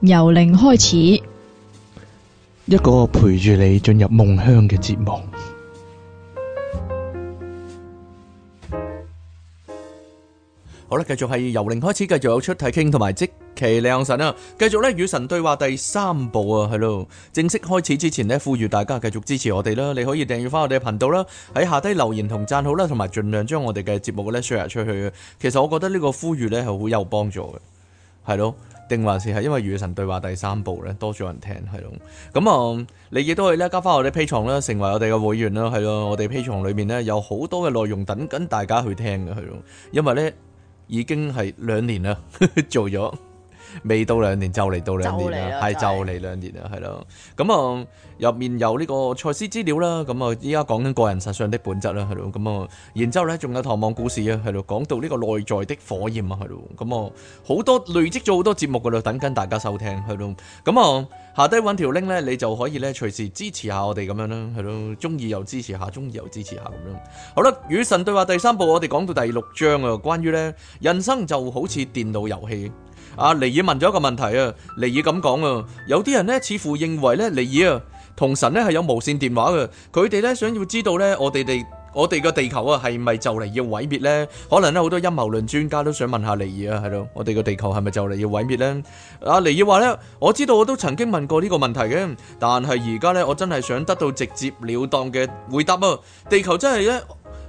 由零開始，一個陪住你進入夢鄉嘅節目。好啦，繼續係由零開始，繼續有出題傾同埋積奇良神啊！繼續咧與神對話第三部啊，係咯，正式開始之前呢，呼籲大家繼續支持我哋啦！你可以訂閱翻我哋嘅頻道啦，喺下低留言同讚好啦，同埋盡量將我哋嘅節目咧 share 出去。其實我覺得呢個呼籲咧係好有幫助嘅，係咯。定還是係因為與神對話第三部咧多咗人聽，係咯。咁啊、嗯、你亦都可以咧加翻我哋 P 床啦，成為我哋嘅會員啦，係咯，我哋 P 床裏面咧有好多嘅內容等緊大家去聽嘅，係咯，因為咧已經係兩年啦 做咗，未到兩年就嚟到兩年啦，係 就嚟兩年啦，係咯。咁、嗯、啊，入面有呢個賽斯資料啦。咁、嗯、啊，依家講緊個人實相的本質啦，係咯。咁、嗯、啊，然之後咧，仲有唐望故事啊，係咯。講到呢個內在的火焰啊，係咯。咁、嗯、啊，好多累積咗好多節目噶啦，等緊大家收聽，係咯。咁、嗯、啊，下低揾條 link 咧，你就可以咧隨時支持下我哋咁樣啦，係咯。中意又支持下，中意又支持下咁樣。好啦，與神對話第三部，我哋講到第六章啊，關於咧人生就好似電腦遊戲。阿、啊、尼爾問咗一個問題啊，尼爾咁講啊，有啲人咧似乎認為咧，尼爾啊同神咧係有無綫電話嘅，佢哋咧想要知道咧，我哋地我哋個地球啊係咪就嚟要毀滅咧？可能咧好多陰謀論專家都想問下尼爾啊，係咯，我哋個地球係咪就嚟要毀滅咧？阿、啊、尼爾話咧，我知道我都曾經問過呢個問題嘅，但係而家咧我真係想得到直接了當嘅回答啊，地球真係咧。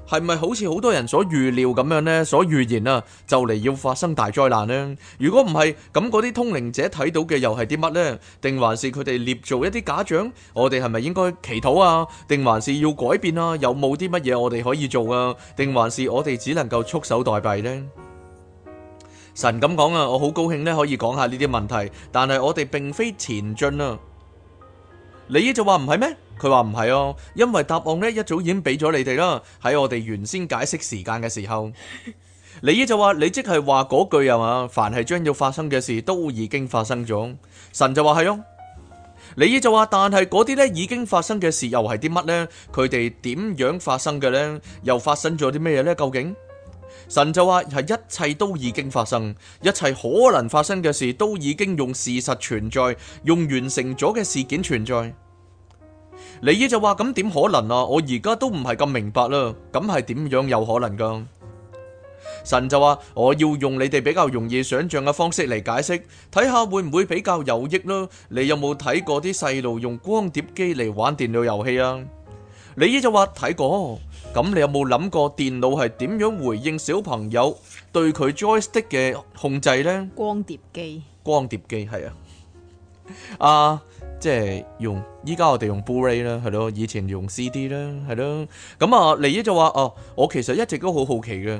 係咪好似好多人所預料咁樣呢？所預言啊，就嚟要發生大災難呢。如果唔係，咁嗰啲通靈者睇到嘅又係啲乜呢？定還是佢哋捏造一啲假象？我哋係咪應該祈禱啊？定還是要改變啊？有冇啲乜嘢我哋可以做啊？定還是我哋只能夠束手待斃呢？神咁講啊，我好高興呢，可以講下呢啲問題，但係我哋並非前進啊。李姨就話唔係咩？佢話唔係哦，因為答案咧一早已經俾咗你哋啦，喺我哋原先解釋時間嘅時候，李 姨就話你即係話嗰句啊嘛，凡係將要發生嘅事都已經發生咗，神就話係哦。李姨就話，但係嗰啲咧已經發生嘅事又係啲乜咧？佢哋點樣發生嘅咧？又發生咗啲咩嘢咧？究竟？神就話係一切都已經發生，一切可能發生嘅事都已經用事實存在，用完成咗嘅事件存在。李姨就話咁點可能啊？我而家都唔係咁明白啦，咁係點樣有可能噶？神就話我要用你哋比較容易想象嘅方式嚟解釋，睇下會唔會比較有益咯？你有冇睇過啲細路用光碟機嚟玩電腦遊戲啊？李姨就話睇過。咁你有冇諗過電腦係點樣回應小朋友對佢 Joystick 嘅控制呢？光碟機，光碟機係啊，啊即係用依家我哋用 Blu-ray 啦，係咯，以前用 CD 啦，係咯。咁啊，李姨就話哦，我其實一直都好好奇嘅。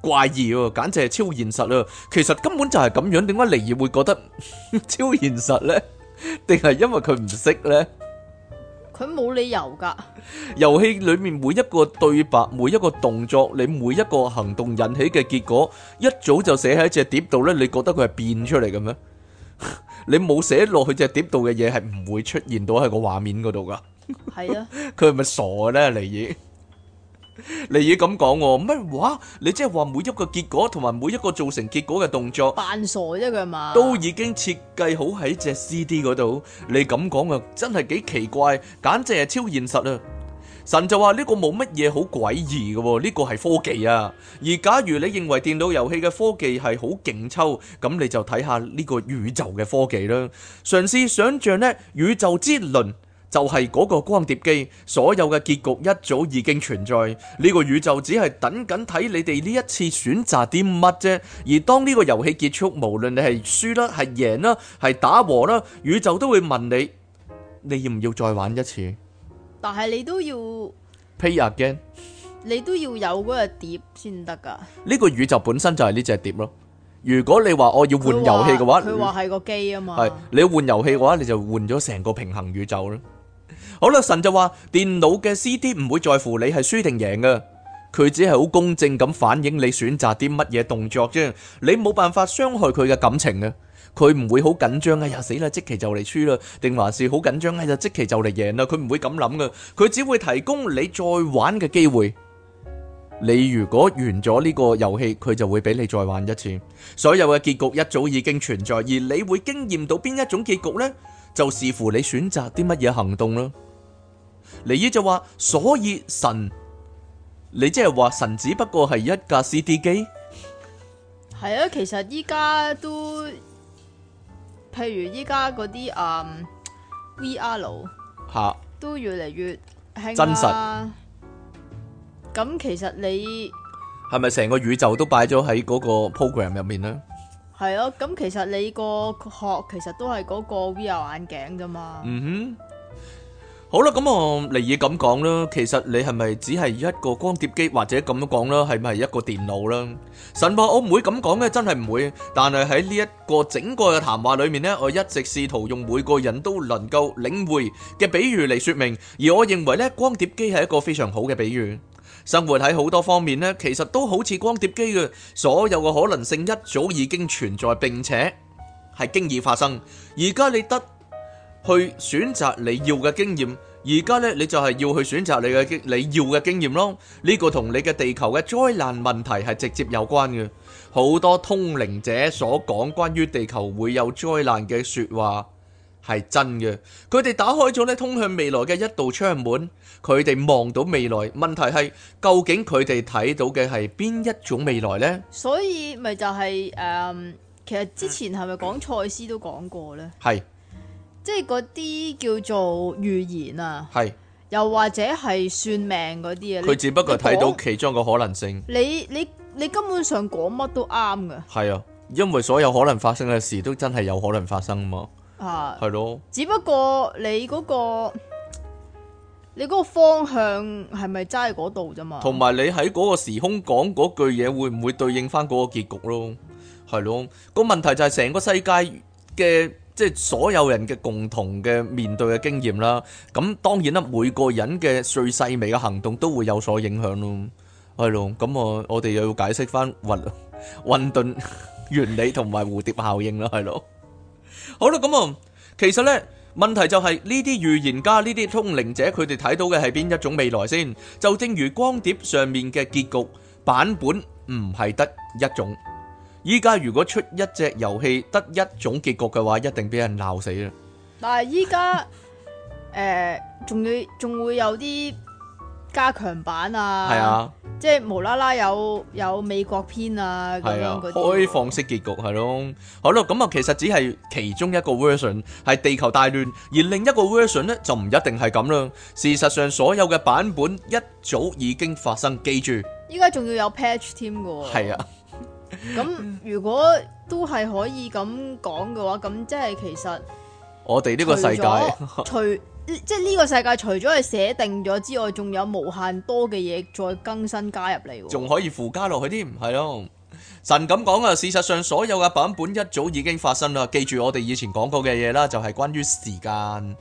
怪異喎簡直係超現實咯！其實根本就係咁樣，點解尼爾會覺得超現實咧？定係因為佢唔識咧？佢冇理由噶。遊戲裏面每一個對白、每一個動作、你每一個行動引起嘅結果，一早就寫喺隻碟度咧。你覺得佢係變出嚟嘅咩？你冇寫落去隻碟度嘅嘢，係唔會出現到喺個畫面嗰度噶。係啊！佢係咪傻咧？尼爾？你嘢咁講喎，乜話？你即係話每一個結果同埋每一個造成結果嘅動作扮傻啫，佢係嘛？都已經設計好喺隻 CD 嗰度。你咁講啊，真係幾奇怪，簡直係超現實啊！神就話呢個冇乜嘢好詭異嘅，呢、這個係科技啊。而假如你認為電腦遊戲嘅科技係好勁抽，咁你就睇下呢個宇宙嘅科技啦。嘗試想象呢宇宙之輪。就係嗰個光碟機，所有嘅結局一早已經存在，呢個宇宙只係等緊睇你哋呢一次選擇啲乜啫。而當呢個遊戲結束，無論你係輸啦、係贏啦、係打和啦，宇宙都會問你，你要唔要再玩一次？但係你都要 pay again，你都要有嗰個碟先得噶。呢個宇宙本身就係呢隻碟咯。如果你話我要換說遊戲嘅話，佢話係個機啊嘛。係你換遊戲嘅話，你就換咗成個平行宇宙咯。好啦，神就話電腦嘅 C D 唔會在乎你係輸定贏嘅，佢只係好公正咁反映你選擇啲乜嘢動作啫。你冇辦法傷害佢嘅感情啊，佢唔會好緊張。哎呀，死啦，即期就嚟輸啦，定還是好緊張。哎呀，即期就嚟贏啦，佢唔會咁諗嘅，佢只會提供你再玩嘅機會。你如果完咗呢個遊戲，佢就會俾你再玩一次。所有嘅結局一早已經存在，而你會經驗到邊一種結局呢？就視乎你選擇啲乜嘢行動囉。你依就話，所以神，你即係話神只不過係一架 C D 機。係啊，其實依家都，譬如依家嗰啲嗯 V R 吓，VR，都越嚟越、啊，真實。咁其實你係咪成個宇宙都擺咗喺嗰個 program 入面咧？係啊，咁其實你個殼其實都係嗰個 V R 眼鏡噶嘛。嗯哼。好啦，咁啊，我嚟咁講啦。其實你係咪只係一個光碟機，或者咁樣講啦？係咪一個電腦啦？神話我唔會咁講嘅，真係唔會。但係喺呢一個整個嘅談話裏面咧，我一直試圖用每個人都能夠領會嘅比喻嚟說明。而我認為咧，光碟機係一個非常好嘅比喻。生活喺好多方面咧，其實都好似光碟機嘅，所有嘅可能性一早已經存在，並且係經已發生。而家你得。去選擇你要嘅經驗，而家呢，你就係要去選擇你嘅你要嘅經驗咯。呢個同你嘅地球嘅災難問題係直接有關嘅。好多通靈者所講關於地球會有災難嘅說話係真嘅，佢哋打開咗呢，通向未來嘅一道窗門，佢哋望到未來。問題係究竟佢哋睇到嘅係邊一種未來呢？所以咪就係誒，其實之前係咪講賽斯都講過呢？係。即係嗰啲叫做預言啊，係是又或者係算命嗰啲嘢，佢只不過睇到說其中個可能性。你你你根本上講乜都啱㗎。係啊，因為所有可能發生嘅事都真係有可能發生嘛。啊，係咯。只不過你嗰、嗰個你個方向係咪揸喺嗰度啫嘛？同埋你喺嗰個時空講嗰句嘢，會唔會對應翻嗰個結局咯？係咯。個問題就係成個世界嘅。即係所有人嘅共同嘅面對嘅經驗啦，咁當然啦，每個人嘅最細微嘅行動都會有所影響咯，係咯，咁啊，我哋又要解釋翻混混沌原理同埋蝴蝶效應啦，係咯，好啦，咁啊，其實呢問題就係呢啲預言家、呢啲通靈者，佢哋睇到嘅係邊一種未來先？就正如光碟上面嘅結局版本唔係得一種。依家如果出一隻遊戲得一種結局嘅話，一定俾人鬧死啦！但係依家，誒、 呃，仲要仲會有啲加強版啊，係啊，即係無啦啦有有美國篇啊，係啊，開放式結局係咯，好咯，咁啊，其實只係其中一個 version 係地球大亂，而另一個 version 咧就唔一定係咁啦。事實上，所有嘅版本一早已經發生，記住。依家仲要有 patch 添㗎喎。係啊。咁如果都係可以咁講嘅話，咁即係其實我哋呢個，除 個世界除即係呢個世界除咗係寫定咗之外，仲有無限多嘅嘢再更新加入嚟，仲可以附加落去添，係咯？神咁講啊，事實上所有嘅版本一早已經發生啦。記住我哋以前講過嘅嘢啦，就係、是、關於時間。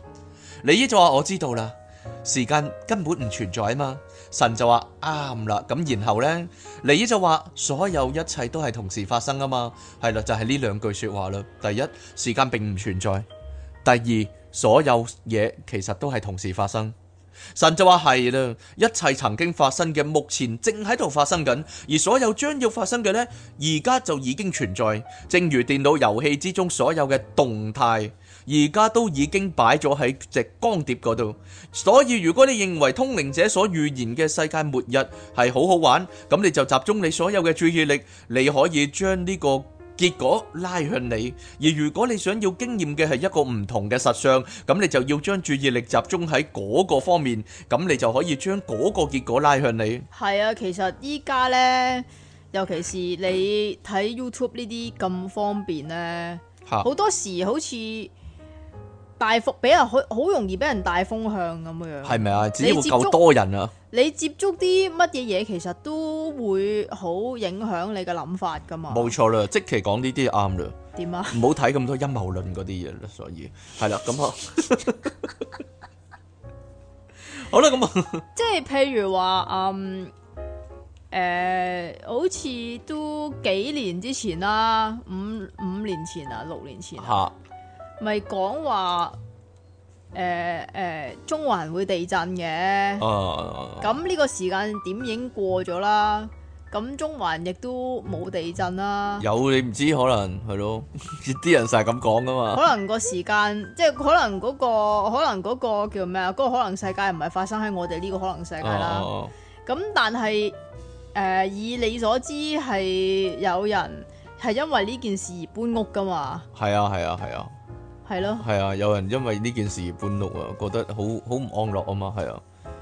你姨就話我知道啦，時間根本唔存在啊嘛。神就話啱啦，咁然後呢，你依就話所有一切都係同時發生噶嘛，係啦，就係呢兩句說話啦。第一，時間並唔存在；第二，所有嘢其實都係同時發生。神就話係啦，一切曾經發生嘅，目前正喺度發生緊，而所有將要發生嘅呢，而家就已經存在，正如電腦遊戲之中所有嘅動態。而家都已經擺咗喺隻光碟嗰度，所以如果你認為通靈者所預言嘅世界末日係好好玩，咁你就集中你所有嘅注意力，你可以將呢個結果拉向你。而如果你想要經驗嘅係一個唔同嘅實相，咁你就要將注意力集中喺嗰個方面，咁你就可以將嗰個結果拉向你。係啊，其實依家呢，尤其是你睇 YouTube 呢啲咁方便呢，好多時好似～大幅俾人好好容易俾人帶風向咁樣樣，係咪啊？只要夠多人啊！你接觸啲乜嘢嘢，其實都會好影響你嘅諗法噶嘛。冇錯啦，即係講呢啲啱啦。點啊？唔好睇咁多陰謀論嗰啲嘢啦，所以係啦，咁啊 好啦，咁啊， 即係譬如話，嗯，誒、呃，好似都幾年之前啦，五五年前啊，六年前。嚇！咪講話誒誒，中環會地震嘅。哦，咁呢個時間點已經過咗啦。咁中環亦都冇地震啦。有你唔知，可能係咯啲人成日咁講噶嘛。可能個時間即係可能嗰個，可能嗰個叫咩啊？嗰個可能世界唔係發生喺我哋呢個可能世界啦。咁、oh, oh, oh, oh. 但係誒、呃，以你所知係有人係因為呢件事而搬屋噶嘛？係 啊，係啊，係啊。係咯，係啊！有人因為呢件事半路啊，覺得好好唔安樂啊嘛，係啊。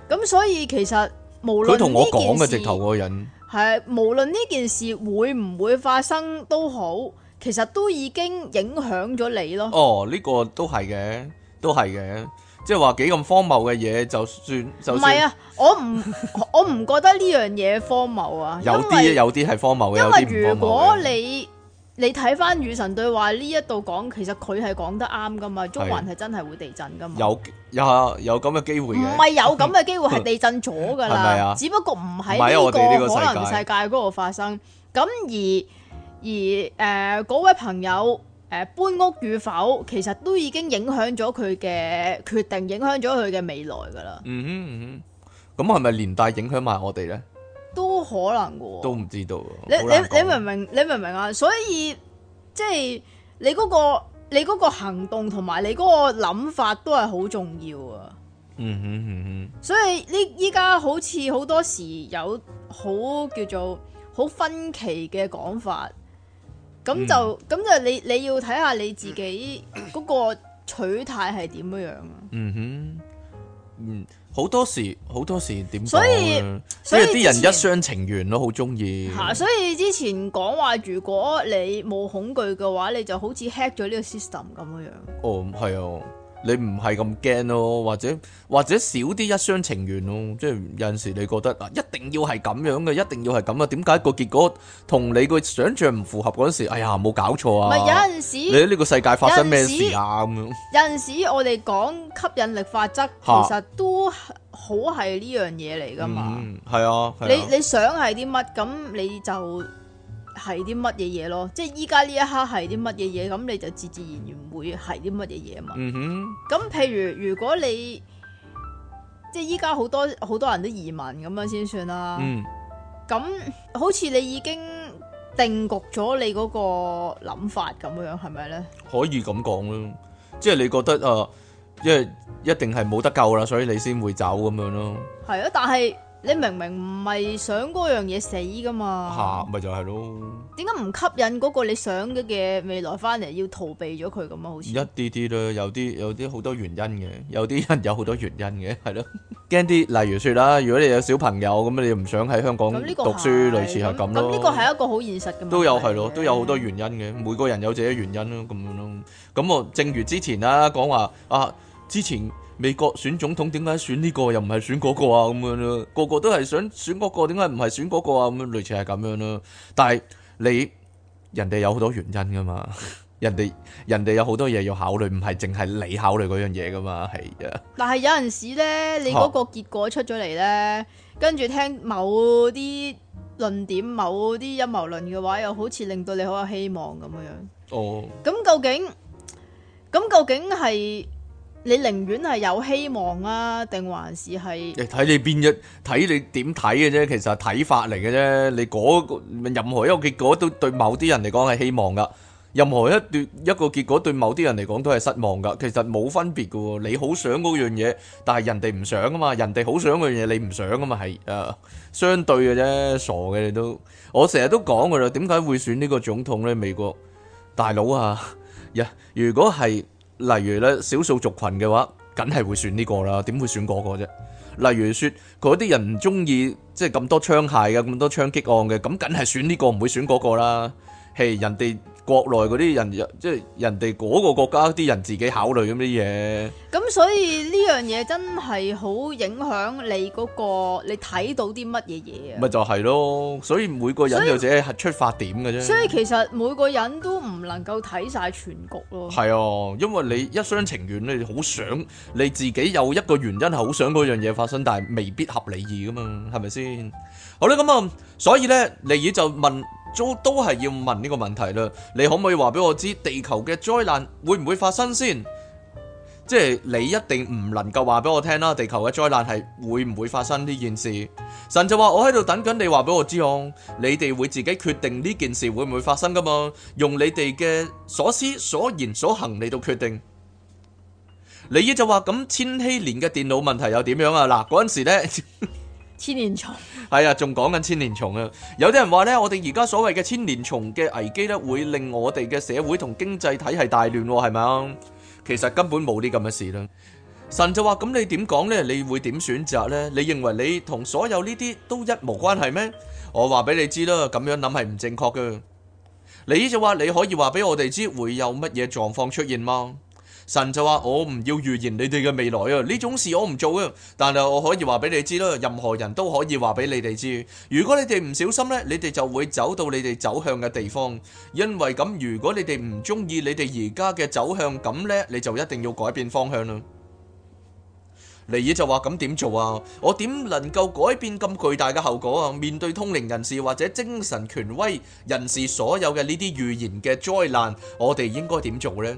咁所以其實無論佢同我講嘅直頭個人係，無論呢件，件事會唔會發生都好，其實都已經影響咗你咯。哦、呢、這個都係嘅，都係嘅，即係話幾咁荒謬嘅嘢，就算就唔係啊，我唔 我唔覺得呢樣嘢荒謬啊 為，有啲有啲係荒謬，因為如果你。你睇翻與神對話呢一度講，其實佢係講得啱噶嘛，中環係真係會地震噶嘛，有有有咁嘅機會唔係有咁嘅機會，係地震咗噶啦， 是不是啊、只不過唔喺呢個,、啊、個可能世界嗰度發生。咁而而誒嗰、呃、位朋友誒、呃、搬屋與否，其實都已經影響咗佢嘅決定，影響咗佢嘅未來噶啦、嗯。嗯哼咁係咪連帶影響埋我哋呢？都可能嘅，都唔知道。你你你，你明唔明？你明唔明啊？所以即係、即係、你嗰、嗰個你個行動同埋你嗰個諗法都係好重要啊、嗯。嗯哼嗯哼。所以呢依家好似好多時有好叫做好分歧嘅講法，咁就咁、嗯、就你你要睇下你自己嗰個取態係點樣啊。嗯哼，嗯。好多時，好多時點講，所以所以啲人一廂情願咯，好中意吓。所以之前講話，如果你冇恐懼嘅話，你就好似 hack 咗呢個 system 咁樣。哦，係啊。你唔係咁驚咯，或者或者少啲一,一廂情願咯，即係有陣時你覺得啊，一定要係咁樣嘅，一定要係咁啊，點解個結果同你個想象唔符合嗰陣時，哎呀冇搞錯啊！咪有陣時，你喺呢個世界發生咩事啊咁樣？有陣時我哋講吸引力法則，其實都好係呢樣嘢嚟㗎嘛。嗯，係啊。啊你你想係啲乜咁你就？係啲乜嘢嘢咯？即係依家呢一刻係啲乜嘢嘢，咁你就自自然然會係啲乜嘢嘢啊嘛。咁、嗯、哼譬如如果你即係依家好多好多人都移民咁樣先算啦。咁、嗯、好似你已經定局咗你嗰個諗法咁樣，係咪咧？可以咁講咯，即係你覺得誒，即、呃、係一定係冇得救啦，所以你先會走咁樣咯。係啊，但係。你明明唔係想嗰樣嘢死㗎嘛？嚇、啊，咪就係、是、咯。點解唔吸引嗰個你想嘅未來返嚟？要逃避咗佢咁啊？好似一啲啲啦，有啲有啲好多原因嘅，有啲人有好多原因嘅，係咯。驚 啲，例如說啦，如果你有小朋友咁，你唔想喺香港讀書，類似係咁咯。咁呢個係一個好現實嘅。都有係咯，都有好多原因嘅，咯每個人有自己原因咯，咁樣咯。咁我正如之前啦，講話啊，之前。美國選總統點解選呢個又唔係選嗰個啊？咁樣咯，個個都係想選嗰個，點解唔係選嗰個啊？咁類似係咁樣咯。但係你人哋有好多原因噶嘛，人哋人哋有好多嘢要考慮，唔係淨係你考慮嗰樣嘢噶嘛，係啊。但係有陣時咧，你嗰個結果出咗嚟咧，跟住、啊、聽某啲論點、某啲陰謀論嘅話，又好似令到你好有希望咁樣樣。哦。咁究竟咁究竟係？你寧願係有希望啊，定還是係？誒，睇你邊一，睇你點睇嘅啫。其實睇法嚟嘅啫。你嗰個任何一個結果都對某啲人嚟講係希望噶，任何一段一個結果對某啲人嚟講都係失望噶。其實冇分別㗎喎。你好想嗰樣嘢，但係人哋唔想啊嘛。人哋好想嗰樣嘢，你唔想啊嘛。係誒，相對嘅啫。傻嘅你都，我成日都講㗎啦。點解會選呢個總統咧？美國大佬啊，呀，如果係。例如咧，少數族群嘅話，梗係會選呢個啦，點會選嗰個啫？例如説，嗰啲人唔中意即係咁多槍械嘅，咁多槍擊案嘅，咁梗係選呢個，唔會選嗰個啦。係人哋。國內嗰啲人，即係人哋嗰個國家啲人自己考慮咁啲嘢。咁所以呢樣嘢真係好影響你嗰個，你睇到啲乜嘢嘢啊？咪就係咯，所以每個人又者係出發點嘅啫。所以其實每個人都唔能夠睇晒全局咯。係啊，因為你一廂情願，你好想你自己有一個原因係好想嗰樣嘢發生，但係未必合你意噶嘛，係咪先？好咧，咁啊，所以咧，利爾就問。都都係要問呢個問題啦，你可唔可以話俾我知地球嘅災難會唔會發生先？即係你一定唔能夠話俾我聽啦，地球嘅災難係會唔會發生呢件事？神就話我喺度等緊你話俾我知哦，你哋會自己決定呢件事會唔會發生噶嘛？用你哋嘅所思所言所行嚟到決定。你呢就話咁，千禧年嘅電腦問題又點樣啊？嗱，嗰陣時呢。千年蟲係啊，仲講緊千年蟲啊！有啲人話呢，我哋而家所謂嘅千年蟲嘅危機呢，會令我哋嘅社會同經濟體系大亂，係咪啊？其實根本冇啲咁嘅事啦。神就話：咁你點講呢？你會點選擇呢？你認為你同所有呢啲都一無關係咩？我話俾你知啦，咁樣諗係唔正確嘅。你就話你可以話俾我哋知會有乜嘢狀況出現嗎？神就話：我唔要預言你哋嘅未來啊！呢種事我唔做啊，但係我可以話俾你知啦。任何人都可以話俾你哋知。如果你哋唔小心呢，你哋就會走到你哋走向嘅地方。因為咁，如果你哋唔中意你哋而家嘅走向咁呢，你就一定要改變方向啦。尼爾就話：咁點做啊？我點能夠改變咁巨大嘅後果啊？面對通靈人士或者精神權威人士所有嘅呢啲預言嘅災難，我哋應該點做呢？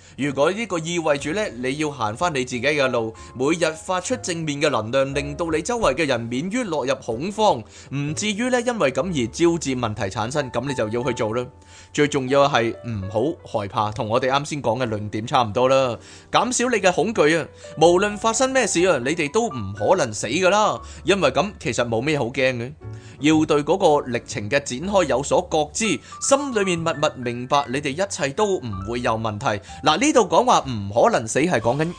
如果呢個意味住咧，你要行返你自己嘅路，每日發出正面嘅能量，令到你周圍嘅人免於落入恐慌，唔至於咧因為咁而招致問題產生，咁你就要去做啦。最重要嘅係唔好害怕，同我哋啱先講嘅論點差唔多啦。減少你嘅恐懼啊！無論發生咩事啊，你哋都唔可能死噶啦，因為咁其實冇咩好驚嘅。要對嗰個歷程嘅展開有所覺知，心裏面默默明白，你哋一切都唔會有問題。嗱，呢度講話唔可能死係講緊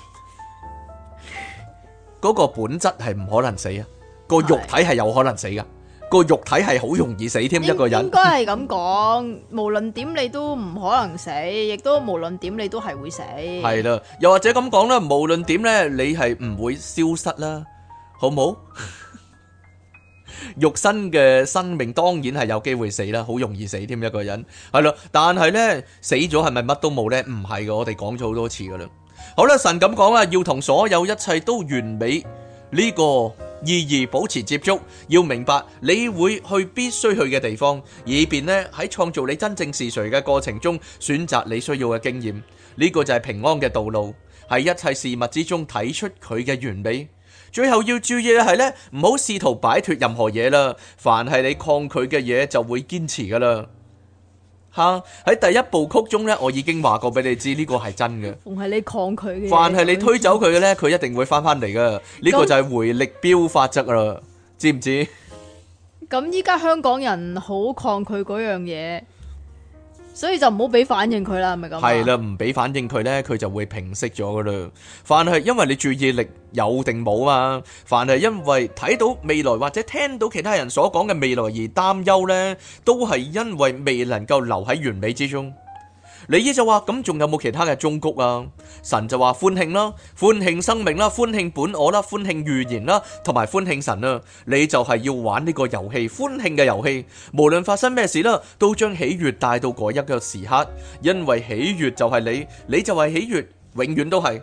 嗰個本質係唔可能死啊，個肉體係有可能死噶。個肉體係好容易死添，一個人應該係咁講。無論點你都唔可能死，亦都無論點你都係會死。係啦，又或者咁講啦，無論點呢，你係唔會消失啦，好唔好？肉身嘅生命當然係有機會死啦，好容易死添，一個人係啦。但係呢，死咗係咪乜都冇呢？唔係嘅，我哋講咗好多次噶啦。好啦，神咁講啊，要同所有一切都完美呢個。意而保持接觸，要明白你會去必須去嘅地方，以便咧喺創造你真正是誰嘅過程中，選擇你需要嘅經驗。呢、這個就係平安嘅道路，喺一切事物之中睇出佢嘅完美。最後要注意嘅係咧，唔好試圖擺脫任何嘢啦。凡係你抗拒嘅嘢，就會堅持噶啦。哈，喺第一部曲中咧，我已經話過俾你知呢個係真嘅。凡係你抗拒嘅，凡係你推走佢嘅咧，佢一定會翻翻嚟㗎。呢、這個就係回力標法則啦，知唔知？咁依家香港人好抗拒嗰樣嘢。所以就唔好俾反應佢啦，係咪咁？係啦，唔俾反應佢咧，佢就會平息咗㗎喇。凡係因為你注意力有定冇啊，凡係因為睇到未來或者聽到其他人所講嘅未來而擔憂咧，都係因為未能夠留喺完美之中。你呢就話：咁仲有冇其他嘅忠告啊？神就話：歡慶啦，歡慶生命啦，歡慶本我啦，歡慶預言啦，同埋歡慶神啊。」你就係要玩呢個遊戲，歡慶嘅遊戲，無論發生咩事啦，都將喜悦帶到嗰一個時刻，因為喜悦就係你，你就係喜悦，永遠都係。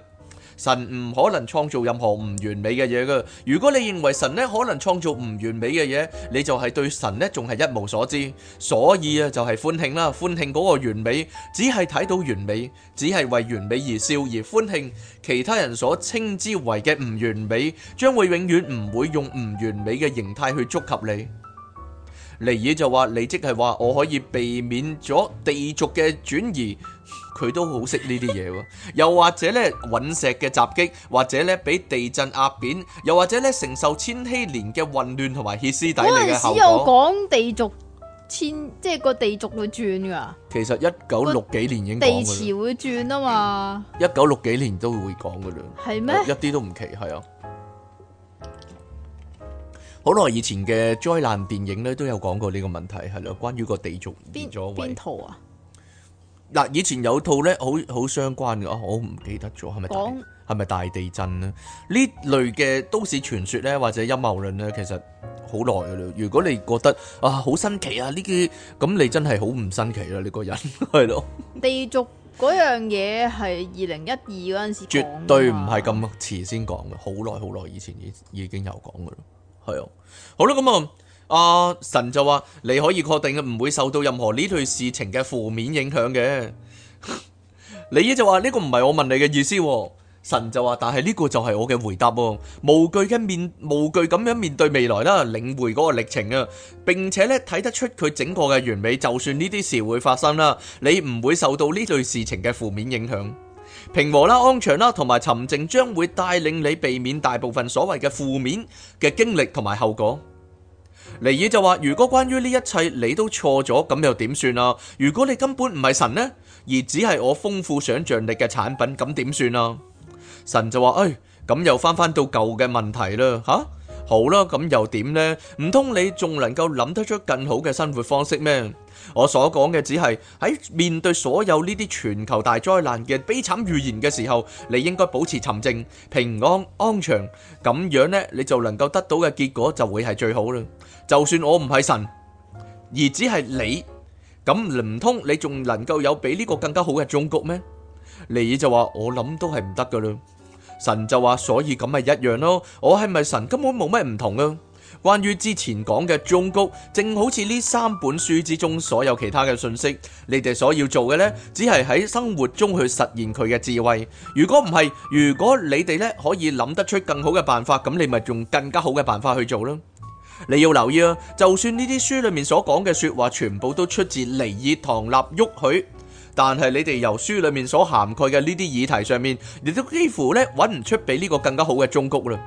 神唔可能創造任何唔完美嘅嘢㗎。如果你認為神咧可能創造唔完美嘅嘢，你就係對神咧仲係一無所知。所以啊，就係歡慶啦，歡慶嗰個完美，只係睇到完美，只係為完美而笑而歡慶。其他人所稱之為嘅唔完美，將會永遠唔會用唔完美嘅形態去觸及你。尼爾就話，你即係話我可以避免咗地軸嘅轉移，佢都好識呢啲嘢喎。又或者呢，隕石嘅襲擊，或者呢，俾地震壓扁，又或者呢，承受千禧年嘅混亂同埋歇斯底里嘅後果。嗰陣時講地軸千，即係個地軸會轉噶、啊。其實一九六幾年已經地磁會轉啊嘛。一九六幾年都會講噶啦。係咩嗎？一啲都唔奇，係啊。好耐以前嘅災難電影咧，都有講過呢個問題，係咯，關於個地軸變咗位。邊套啊？嗱，以前有套咧，好好相關嘅，我唔記得咗，係咪係咪大地震咧？呢類嘅都市傳說咧，或者陰謀論咧，其實好耐噶啦。如果你覺得啊，好新奇啊，呢啲咁，你真係好唔新奇啦，呢個人係咯。地軸嗰樣嘢係二零一二嗰陣時，絕對唔係咁遲先講嘅，好耐好耐以前已已經有講噶啦。好啦，咁啊、嗯，阿、嗯、神就話你可以確定唔會受到任何呢對事情嘅負面影響嘅。 你呢就話呢個唔係我問你嘅意思，神就話，但係呢個就係我嘅回答喎。無懼嘅面，無懼咁樣面對未來啦，領會嗰個歷程啊，並且咧睇得出佢整個嘅完美，就算呢啲事會發生啦，你唔會受到呢對事情嘅負面影響。平和啦、安詳啦，同埋沉靜將會帶領你避免大部分所謂嘅負面嘅經歷同埋後果。尼爾就話：如果關於呢一切你都錯咗，咁又點算啊？如果你根本唔係神呢，而只係我豐富想象力嘅產品，咁點算啊？神就話：唉、哎，咁又返返到舊嘅問題啦，吓、啊。好啦，咁又點咧？唔通你仲能夠諗得出更好嘅生活方式咩？我所講嘅只係喺面對所有呢啲全球大災難嘅悲慘預言嘅時候，你應該保持沉靜、平安、安詳，咁樣咧你就能夠得到嘅結果就會係最好啦。就算我唔係神，而只係你，咁唔通你仲能夠有比呢個更加好嘅結局咩？你就話我諗都係唔得噶啦。神就話，所以咁咪一樣咯。我係咪神根本冇咩唔同啊？關於之前講嘅忠告，正好似呢三本書之中所有其他嘅信息，你哋所要做嘅呢，只係喺生活中去實現佢嘅智慧。如果唔係，如果你哋呢可以諗得出更好嘅辦法，咁你咪用更加好嘅辦法去做咯。你要留意啊，就算呢啲書裏面所講嘅說話，全部都出自尼爾唐納沃許。但係你哋由書裏面所涵蓋嘅呢啲議題上面，亦都幾乎揾唔出比呢個更加好嘅忠告啦。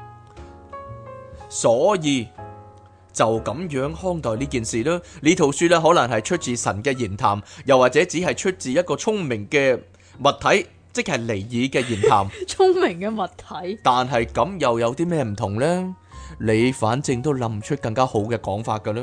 所以就咁樣看待呢件事啦。呢套書咧可能係出自神嘅言談，又或者只係出自一個聰明嘅物體，即係尼爾嘅言談。聰 明嘅物體。但係咁又有啲咩唔同呢？你反正都諗唔出更加好嘅講法噶啦。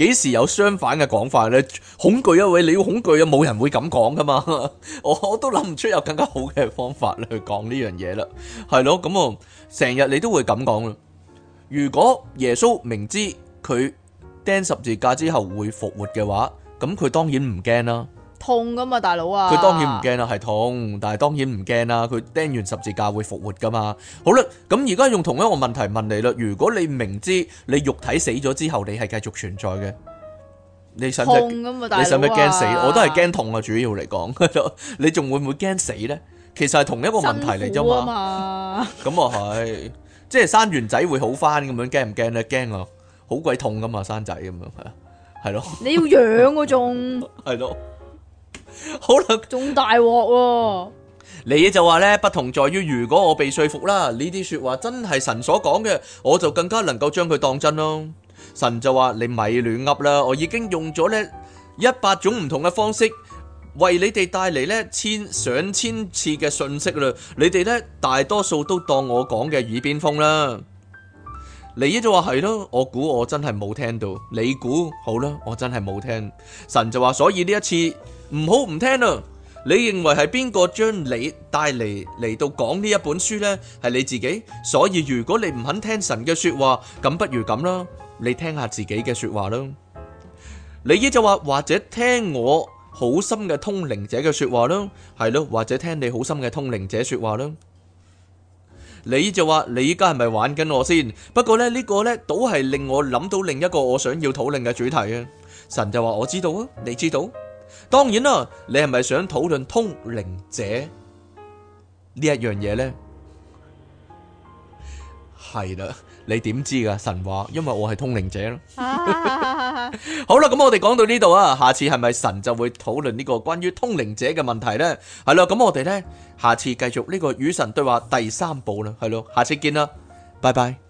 幾時有相反嘅講法呢？恐懼一位，你要恐懼啊，冇人會咁講噶嘛 我？我都諗唔出有更加好嘅方法去講呢樣嘢啦，係咯，咁啊，成日你都會咁講啦。如果耶穌明知佢釘十字架之後會復活嘅話，咁佢當然唔驚啦。痛噶嘛、啊，大佬啊！佢當然唔驚啦，係痛，但係當然唔驚啦。佢釘完十字架會復活噶嘛。好啦，咁而家用同一個問題問你啦。如果你明知你肉體死咗之後，你係繼續存在嘅，你想唔痛噶嘛、啊？大佬啊！你使唔使驚死？我都係驚痛啊，主要嚟講。 你仲會唔會驚死咧？其實係同一個問題嚟啫嘛。咁啊係，即係生完仔會好翻咁樣，驚唔驚咧？驚啊！好鬼痛噶嘛，生仔咁樣係啊，係咯。你要養嗰種係咯。好 啦能，中大鑊喎！你就話咧，不同在於如果我被說服啦，呢啲說話真係神所講嘅，我就更加能夠將佢當真咯。神就話你咪亂噏啦，我已經用咗呢一百種唔同嘅方式為你哋帶嚟呢千上千次嘅信息啦，你哋呢，大多數都當我講嘅耳邊風啦。你姨就話，係咯，我估我真係冇聽到，你估好啦，我真係冇聽。神就話，所以呢一次唔好唔聽啦。你認為係邊個將你帶嚟，嚟到講呢一本書呢？係你自己。所以如果你唔肯聽神嘅說話，咁不如咁啦，你聽下自己嘅說話啦。你姨就話，或者聽我好心嘅通靈者嘅說話啦。係咯，或者聽你好心嘅通靈者說話啦。你就話你依家係咪玩緊我先？不過咧呢個咧，倒係令我諗到另一個我想要討論嘅主題啊！神就話，我知道啊，你知道？當然啦，你係咪想討論通靈者呢一樣嘢咧？係啦。你點知噶？神話，因為我係通靈者咯。 啊啊啊啊、好啦，咁我哋講到呢度啊，下次係咪神就會討論呢個關於通靈者嘅問題呢？係咯，咁我哋呢，下次繼續呢個與神對話第三部啦，係咯，下次見啦，拜拜。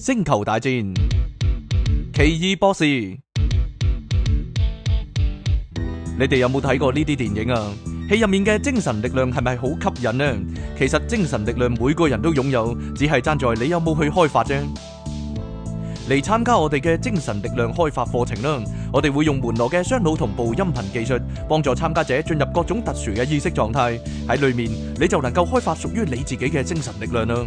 星球大戰、奇異博士，你哋有冇睇過呢啲電影啊？戲入面嘅精神力量係咪好吸引呢？其實精神力量每個人都擁有，只係爭在你有冇去開發啫。嚟參加我哋嘅精神力量開發課程啦！我哋會用門羅嘅雙腦同步音頻技術，幫助參加者進入各種特殊嘅意識狀態。喺裏面你就能夠開發屬於你自己嘅精神力量啦。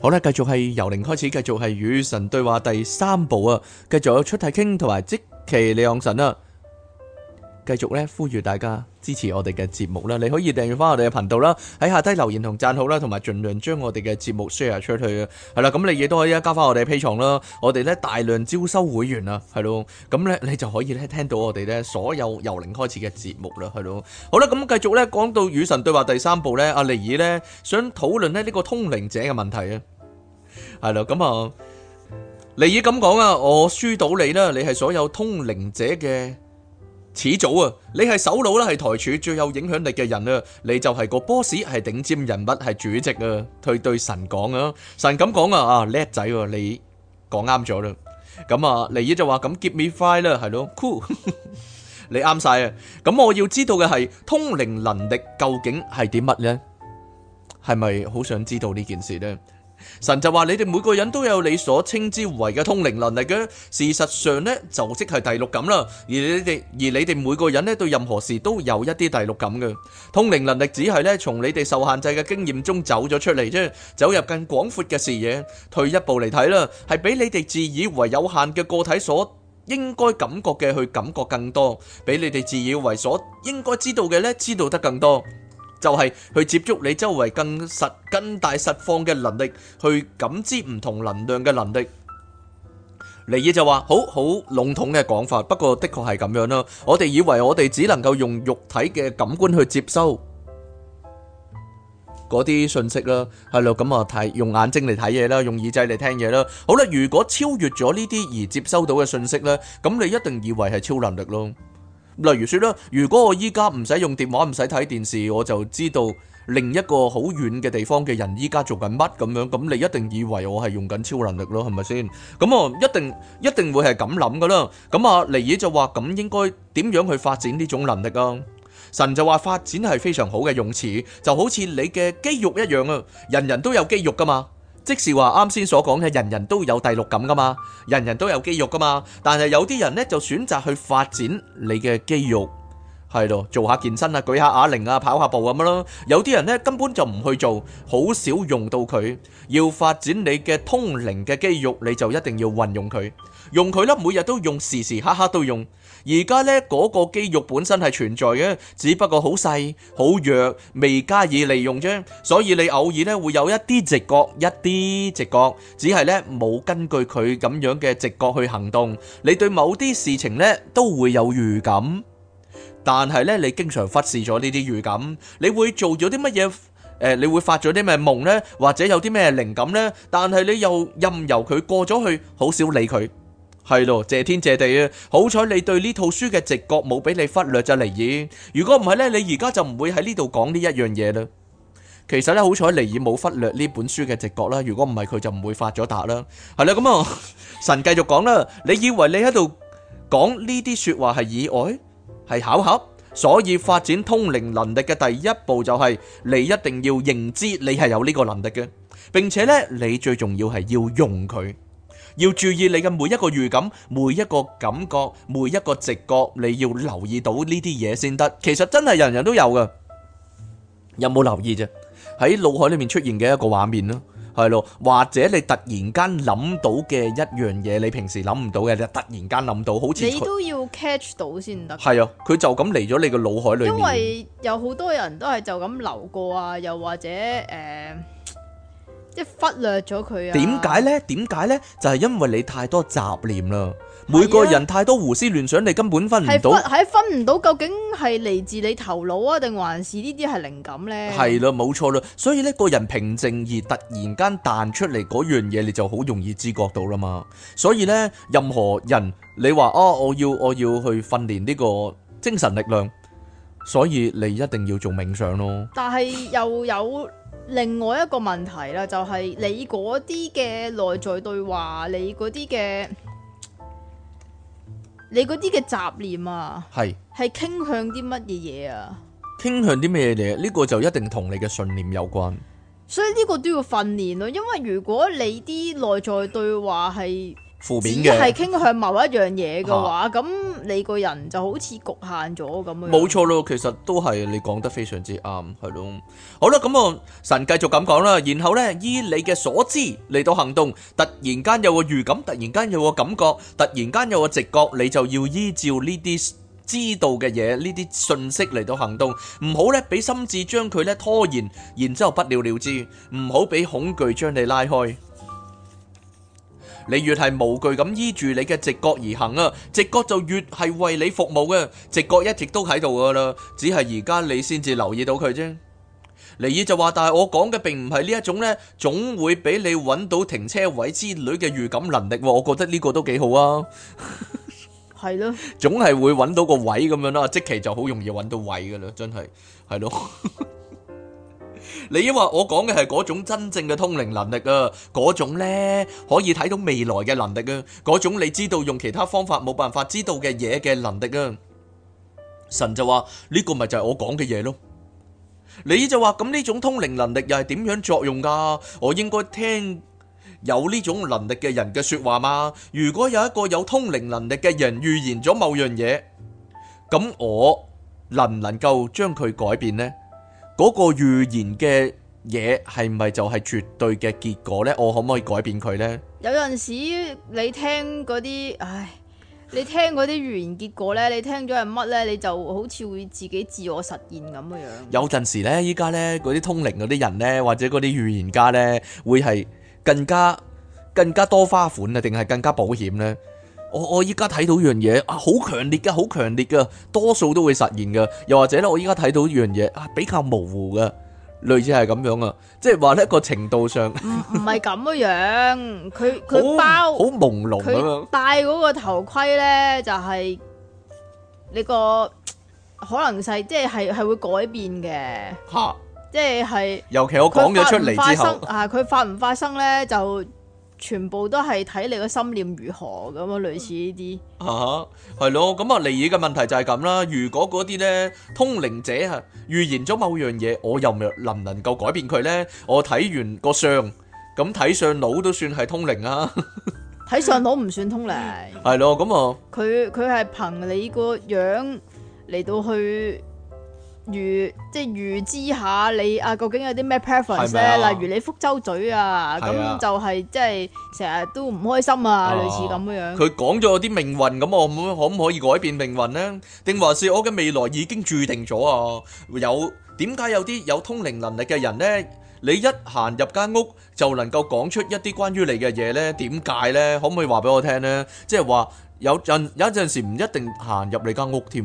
好啦，繼續係由零開始，繼續係與神對話第三部啊，繼續出嚟傾，同埋即其李昂神啊。繼續咧呼籲大家支持我哋嘅節目啦，你可以訂閱翻我哋嘅頻道啦，喺下低留言同讚好啦，同埋盡量將我哋嘅節目 share 出去啊。係啦，咁你亦都可以加翻我哋嘅 P 場啦，我哋咧大量招收會員啊，係咯，咁咧你就可以咧聽到我哋咧所有由零開始嘅節目啦，係咯。好啦，咁繼續咧講到雨神對話第三部咧，阿尼爾咧想討論咧呢個通靈者嘅問題啊。係啦，咁啊，尼爾咁講啊，我輸到你啦，你係所有通靈者嘅始祖啊！你係首腦啦，係台柱，最有影響力嘅人啊！你就係個 boss，係頂尖人物，係主席啊！佢對，對神講啊，神咁講啊啊叻仔啊，你講啱咗啦！咁啊，尼爾就話咁 give me five 啦，係咯，cool！ 你啱晒啊！咁我要知道嘅係通靈能力究竟係點乜呢？係咪好想知道呢件事呢？神就話：你哋每個人都有你所稱之為嘅通靈能力嘅，事實上咧就即係第六感啦。而你哋而你哋每個人咧對任何事都有一啲第六感嘅通靈能力，只係咧從你哋受限制嘅經驗中走咗出嚟啫，走入更廣闊嘅視野。退一步嚟睇啦，係比你哋自以為有限嘅個體所應該感覺嘅去感覺更多，比你哋自以為所應該知道嘅咧知道得更多。.就係去接觸你周圍更實、更大實況嘅能力，去感知唔同能量嘅能力。尼爾就話好好籠統嘅講法，不過的確係咁樣咯。我哋以為我哋只能夠用肉體嘅感官去接收嗰啲信息啦，係咯。咁啊，睇用眼睛嚟睇嘢啦，用耳仔嚟聽嘢啦。好啦，如果超越咗呢啲而接收到嘅信息咧，咁你一定以為係超能力咯。例如說啦，如果我依家唔使用電話唔使睇電視，我就知道另一個好遠嘅地方嘅人依家做緊乜咁樣，咁你一定以為我係用緊超能力咯，係咪先？咁我一定一定會係咁諗噶啦。咁啊，尼爾就話咁應該點樣去發展呢種能力啊？神就話發展係非常好嘅用詞，就好似你嘅肌肉一樣啊，人人都有肌肉噶嘛。即是話啱先所講嘅，人人都有第六感噶嘛，人人都有肌肉噶嘛，但係有啲人呢，就選擇去發展你嘅肌肉，係咯，做下健身啊，舉下啞鈴啊，跑下步咁樣咯。有啲人呢，根本就唔去做，好少用到佢。要發展你嘅通靈嘅肌肉，你就一定要運用佢，用佢咧，每日都用，時時刻刻都用。而家呢嗰個肌肉本身係存在嘅，只不過好細、好弱，未加以利用啫。所以你偶爾呢會有一啲直覺，一啲直覺，只係呢冇根據佢咁樣嘅直覺去行動。你對某啲事情呢都會有預感，但係呢你經常忽視咗呢啲預感。你會做咗啲乜嘢？誒、呃，你會發咗啲咩夢呢？或者有啲咩靈感呢？但係你又任由佢過咗去，好少理佢。係咯，謝天謝地啊！好彩你對呢套書嘅直覺冇俾你忽略咗，尼爾。如果唔係呢，你而家就唔會喺呢度講呢一樣嘢啦。其實呢，好彩尼爾冇忽略呢本書嘅直覺啦。如果唔係，佢就唔會發咗達啦。係啦，咁啊，神繼續講啦。你以為你喺度講呢啲說話係意外，係巧合？所以發展通靈能力嘅第一步就係，你一定要認知你係有呢個能力嘅，並且呢，你最重要係要用佢。要注意你嘅每一個預感、每一個感覺、每一個直覺，你要留意到呢啲嘢先得。其實真係人人都有嘅，有冇留意啫？喺腦海裏面出現嘅一個畫面咯，係咯，或者你突然間諗到嘅一樣嘢，你平時諗唔到嘅，你突然間諗到，好似你都要 catch 到先得。係啊，佢就咁嚟咗你嘅腦海裏。因為有好多人都係就咁流過啊，又或者誒。即忽略咗佢啊？點解呢？點解呢？就係、是、因為你太多雜念啦。啊、每個人太多胡思亂想，你根本分唔到。係分分唔到，究竟係嚟自你頭腦啊，定還是呢啲係靈感呢？係咯、啊，冇錯咯。所以呢個人平靜而突然間彈出嚟嗰樣嘢，你就好容易知覺到啦嘛。所以呢，任何人你話啊、哦，我要我要去訓練呢個精神力量，所以你一定要做冥想咯。但係又有。 另外一個問題啦，就係你嗰啲嘅內在對話，你嗰啲嘅，你嗰啲嘅雜念啊，係係傾向啲乜嘢嘢啊？傾向啲咩嘢？呢個就一定同你嘅信念有關，所以呢個都要訓練咯。因為如果你啲內在對話係，負面嘅，係傾向某一樣嘢嘅話，咁是的 你個人就好似局限咗咁樣。冇錯咯，其實都係你講得非常之啱，係咯。好啦，咁我神繼續咁講啦。然後呢，依你嘅所知嚟到行動，突然間有個預感，突然間有個感覺，突然間有個直覺，你就要依照呢啲知道嘅嘢，呢啲信息嚟到行動。唔好呢，俾心智將佢呢拖延，然之後不了了，了之。唔好俾恐懼將你拉開。你越係無懼咁依住你嘅直覺而行啊，直覺就越係為你服務嘅，直覺一直都喺度噶啦，只係而家你先至留意到佢啫。尼爾就話，但係我講嘅並唔係呢一種呢，總會俾你揾到停車位之類嘅預感能力。我覺得呢個都幾好啊。係咯，總係會揾到個位咁樣啦，即期就好容易揾到位噶啦，真係係咯。 你話我講嘅係嗰種真正嘅通靈能力啊，嗰種呢，可以睇到未來嘅能力啊，嗰種你知道用其他方法冇辦法知道嘅嘢嘅能力啊。神就話呢個咪就係我講嘅嘢咯。你就話，咁呢種通靈能力又係點樣作用噶？我應該聽有呢種能力嘅人嘅說話嘛。如果有一個有通靈能力嘅人預言咗某樣嘢，咁我能唔能夠將佢改變呢？嗰個預言嘅嘢，係咪就係絕對嘅結果呢？我可唔可以改變佢呢？有陣時你聽嗰啲，唉，你聽嗰啲預言結果呢，你聽咗係乜呢？你就好似會自己自我實現咁嘅樣。有陣時呢，依家呢嗰啲通靈嗰啲人呢，或者嗰啲預言家呢，會係更加更加多花款啊，定係更加保險呢？我我依家睇到樣嘢啊，好強烈嘅，好強烈嘅，多數都會實現嘅。又或者咧，我依家睇到樣嘢啊，比較模糊嘅，類似係咁樣啊。即係話呢一個程度上唔唔係咁樣，佢佢 包好朦朧咁樣。戴嗰個頭盔咧，就係、是、你、這個可能係，即係係會改變嘅。吓哈，即係是係。尤其我講咗出嚟之後，發發啊，佢發唔發生咧就？全部都係睇你個心念如何咁啊，類似呢啲啊係咯，咁啊，利益嘅問題就係咁啦。如果嗰啲咧通靈者啊預言咗某樣嘢，我又能唔能夠改變佢呢？我睇完個相咁，睇相腦都算係通靈啊。睇 相腦唔算通靈。係咯，咁 啊，佢佢係憑你個樣嚟到去。預即係預知下你啊，究竟有啲咩 preference e 咧？例如你福州嘴啊，咁、啊、就係、是、即係成日都唔開心啊，啊類似咁樣。佢講咗啲命運咁，我可唔可以改變命運呢？定還是我嘅未來已經注定咗啊？有點解有啲有通靈能力嘅人呢？你一行入間屋就能夠講出一啲關於你嘅嘢呢？點解呢？可唔可以話俾我聽呢？即係話有陣有陣時唔一定行入你間屋添。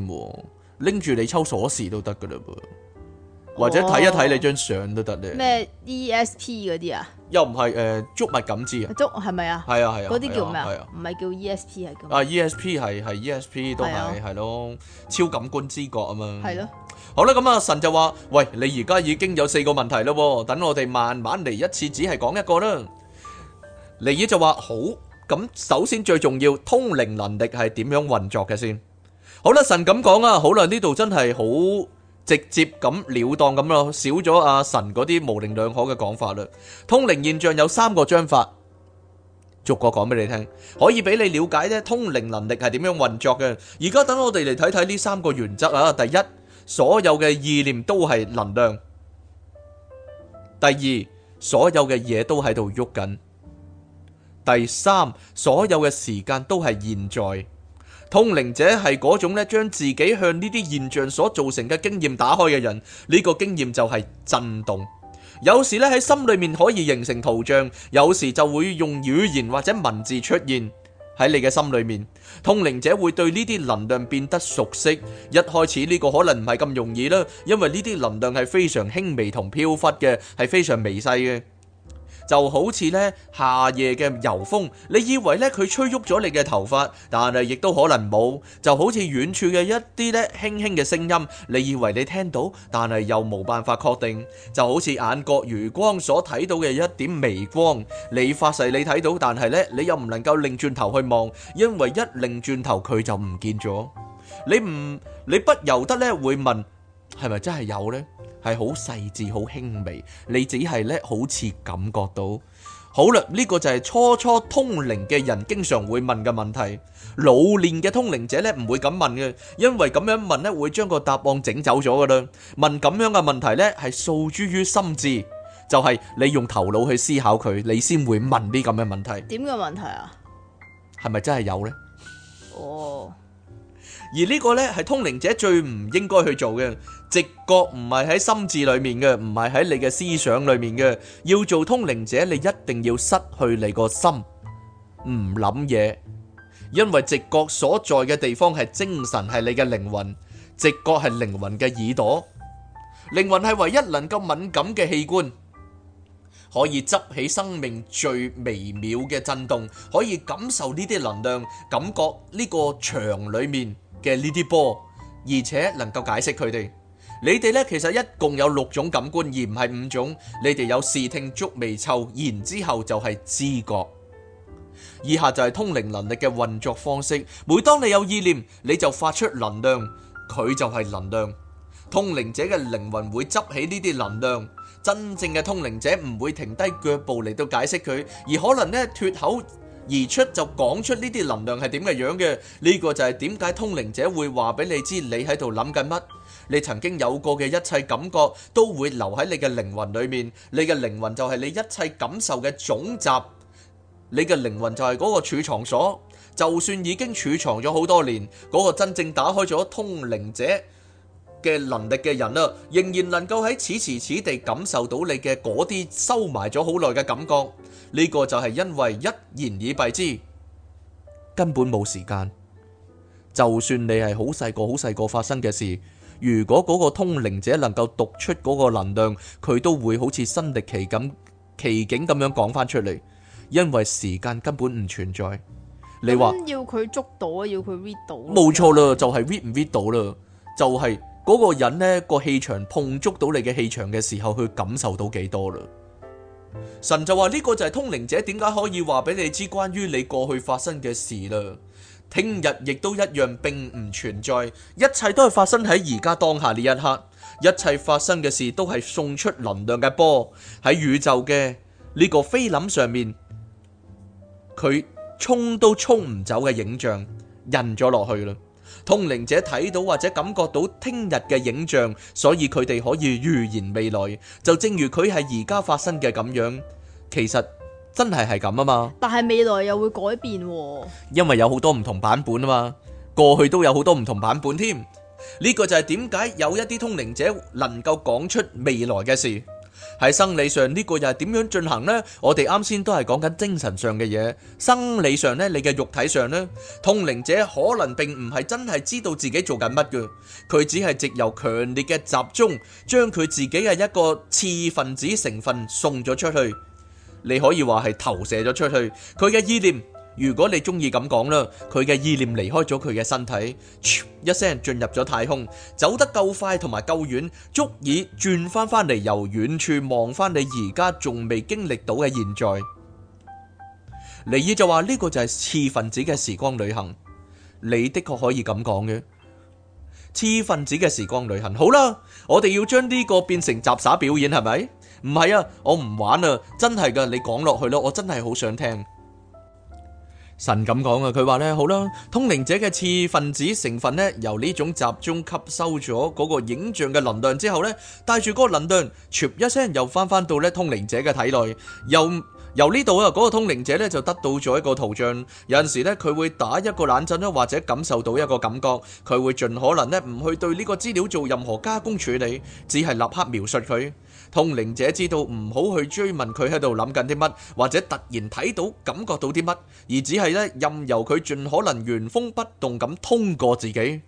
拎住你抽鎖匙都得噶啦噃，或者睇一睇你張相都得咧。咩 E S P 嗰啲啊？又唔係誒觸物感知啊？觸係咪啊？係啊係啊，嗰啲叫咩啊？係啊，唔係叫 E S P，係咁啊，E S P 係，係 E S P 都係，係咯，超感官知覺啊嘛。係咯，好啦，咁阿神就話：喂，你而家已經有四個問題啦，等我哋慢慢嚟一次，只係講一個啦。尼爾就話：好，咁首先最重要通靈能力係點樣運作嘅先？好啦，神咁講啊，好啦，呢度真係好直接咁了當咁咯，少咗阿神嗰啲模棱兩可嘅講法啦。通靈現象有三個章法，逐個講俾你聽，可以俾你了解呢通靈能力係點樣運作嘅。而家等我哋嚟睇睇呢三個原則啊，第一，所有嘅意念都係能量；第二，所有嘅嘢都喺度喐緊；第三，所有嘅時間都係現在。通靈者係嗰種咧，將自己向呢啲現象所造成嘅經驗打開嘅人，呢個經驗就係震動。有時咧喺心裏面可以形成圖像，有時就會用語言或者文字出現喺你嘅心裏面。通靈者會對呢啲能量變得熟悉。一開始呢個可能唔係咁容易啦，因為呢啲能量係非常輕微同飄忽嘅，係非常微細嘅。就好似呢，夏夜嘅柔風，你以為呢，佢吹喐咗你嘅頭髮，但係亦都可能冇；就好似遠處嘅一啲呢輕輕嘅聲音，你以為你聽到，但係又冇辦法確定；就好似眼角餘光所睇到嘅一點微光，你發誓你睇到，但係呢，你又唔能夠擰轉頭去望，因為一擰轉頭佢就唔見咗。你唔你不由得咧會問，係咪真係有呢？」係好細緻、好輕微，你只係咧好似感覺到。好啦，呢個就係初初通靈嘅人經常會問嘅問題。老練嘅通靈者咧唔會咁問嘅，因為咁樣問咧會將個答案整走咗噶啦。問咁樣嘅問題咧係訴諸於心智，就係你用頭腦去思考佢，你先會問啲咁嘅問題。點嘅問題啊？係咪真係有咧？哦。而呢個咧係通靈者最唔應該去做嘅。直覺唔係喺心智裏面嘅，唔係喺你嘅思想裏面嘅。要做通靈者，你一定要失去你個心，唔諗嘢，因為直覺所在嘅地方係精神，係你嘅靈魂。直覺係靈魂嘅耳朵，靈魂係唯一能夠敏感嘅器官，可以執起生命最微妙嘅震動，可以感受呢啲能量，感覺呢個場裏面嘅呢啲波，而且能夠解釋佢哋。你哋咧其實一共有六種感官，而唔係五種。你哋有視聽觸味嗅，然之後就係知覺。以下就係通靈能力嘅運作方式。每當你有意念，你就發出能量，佢就係能量。通靈者嘅靈魂會執起呢啲能量。真正嘅通靈者唔會停低腳步嚟到解釋佢，而可能咧脫口而出就講出呢啲能量係點嘅樣嘅。呢個就係點解通靈者會話俾你知你喺度諗緊乜？你曾經有過嘅一切感覺都會留喺你嘅靈魂裏面，你嘅靈魂就係你一切感受嘅總集，你嘅靈魂就係嗰個儲藏所。就算已經儲藏咗好多年，嗰個真正打開咗通靈者嘅能力嘅人啦，仍然能夠喺此時此地感受到你嘅嗰啲收埋咗好耐嘅感覺。呢個就係因為一言以蔽之，根本冇時間。就算你係好細個、好細個發生嘅事。如果嗰個通靈者能夠讀出嗰個能量，佢都會好似身歷其境咁奇景咁樣講返出嚟，因為時間根本唔存在。你話要佢捉到啊，要佢 read 到冇錯啦，就係 read 唔 read 到啦，就係嗰個人呢個氣場碰觸到你嘅氣場嘅時候，去感受到幾多啦。神就話呢個就係通靈者，點解可以話俾你知關於你過去發生嘅事啦？聽日亦都一樣，並唔存在，一切都係發生喺而家當下呢一刻，一切發生嘅事都係送出能量嘅波喺宇宙嘅呢個菲林上面，佢沖都沖唔走嘅影像印咗落去啦。通靈者睇到或者感覺到聽日嘅影像，所以佢哋可以預言未來。就正如佢係而家發生嘅咁樣，其實。真係係咁啊嘛，但係未來又會改變，因為有好多唔同版本啊嘛。過去都有好多唔同版本添，呢個就係點解有一啲通靈者能夠講出未來嘅事。喺生理上，呢個又係點樣進行呢？我哋啱先都係講緊精神上嘅嘢，生理上呢，你嘅肉體上呢，通靈者可能並唔係真係知道自己做緊乜嘅，佢只係藉由強烈嘅集中，將佢自己嘅一個次分子成分送咗出去。你可以話係投射咗出去，佢嘅意念，如果你中意咁講啦，佢嘅意念離開咗佢嘅身體，一聲進入咗太空，走得夠快同埋夠遠，足以轉翻翻嚟，由遠處望翻你而家仲未經歷到嘅現在。尼爾就話呢個就係次分子嘅時光旅行，你的確可以咁講嘅，次分子嘅時光旅行。好啦，我哋要將呢個變成雜耍表演，係咪？唔係啊，我唔玩啊，真係噶，你講落去咯，我真係好想聽。神咁講啊，佢話呢：「好啦，通靈者嘅次分子成分呢，由呢種集中吸收咗嗰個影像嘅能量之後呢，帶住嗰個能量一聲，一聲又翻翻到呢通靈者嘅體內，又由呢度啊，嗰、嗰個通靈者呢，就得到咗一個圖像。有陣時呢，佢會打一個冷震啦，或者感受到一個感覺，佢會盡可能呢，唔去對呢個資料做任何加工處理，只係立刻描述佢。」通靈者知道唔好去追問佢喺度諗緊啲乜，或者突然睇到感覺到啲乜，而只係咧任由佢盡可能原封不動咁通過自己。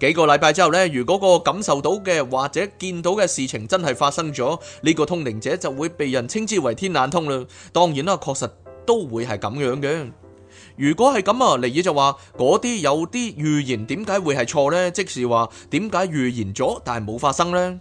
幾個禮拜之後呢，如果個感受到嘅或者見到嘅事情真係發生咗，呢個通靈者就會被人稱之為天眼通啦。當然啦，確實都會係咁樣嘅。如果係咁啊，尼爾就話嗰啲有啲預言點解會係錯呢？即是話點解預言咗但係冇發生呢？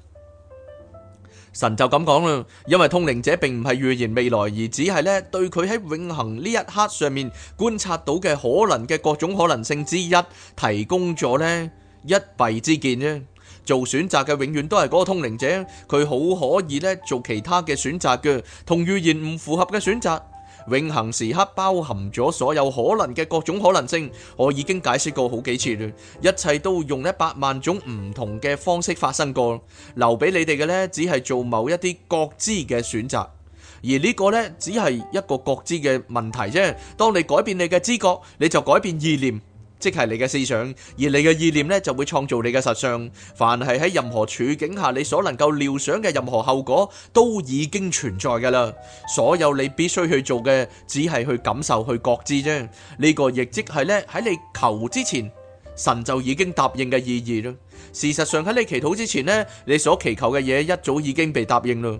神就咁講啦，因為通靈者並唔係預言未來，而只係咧對佢喺永恆呢一刻上面觀察到嘅可能嘅各種可能性之一提供咗咧一弊之見啫。做選擇嘅永遠都係嗰個通靈者，佢好可以咧做其他嘅選擇嘅，同預言唔符合嘅選擇。永恆時刻包含咗所有可能嘅各種可能性，我已經解釋過好幾次啦。一切都用一百萬種唔同嘅方式發生過，留俾你哋嘅呢,只係做某一啲覺知嘅選擇，而呢個呢，只係一個覺知嘅問題啫。當你改變你嘅知覺，你就改變意念。即係你嘅思想，而你嘅意念咧，就會創造你嘅實相。凡係喺任何處境下你所能夠料想嘅任何後果都已經存在噶啦。所有你必須去做嘅，只係去感受、去覺知啫。呢個亦即係咧，喺你求之前，神就已經答應嘅意義啦。事實上喺你祈禱之前咧，你所祈求嘅嘢一早已經被答應啦。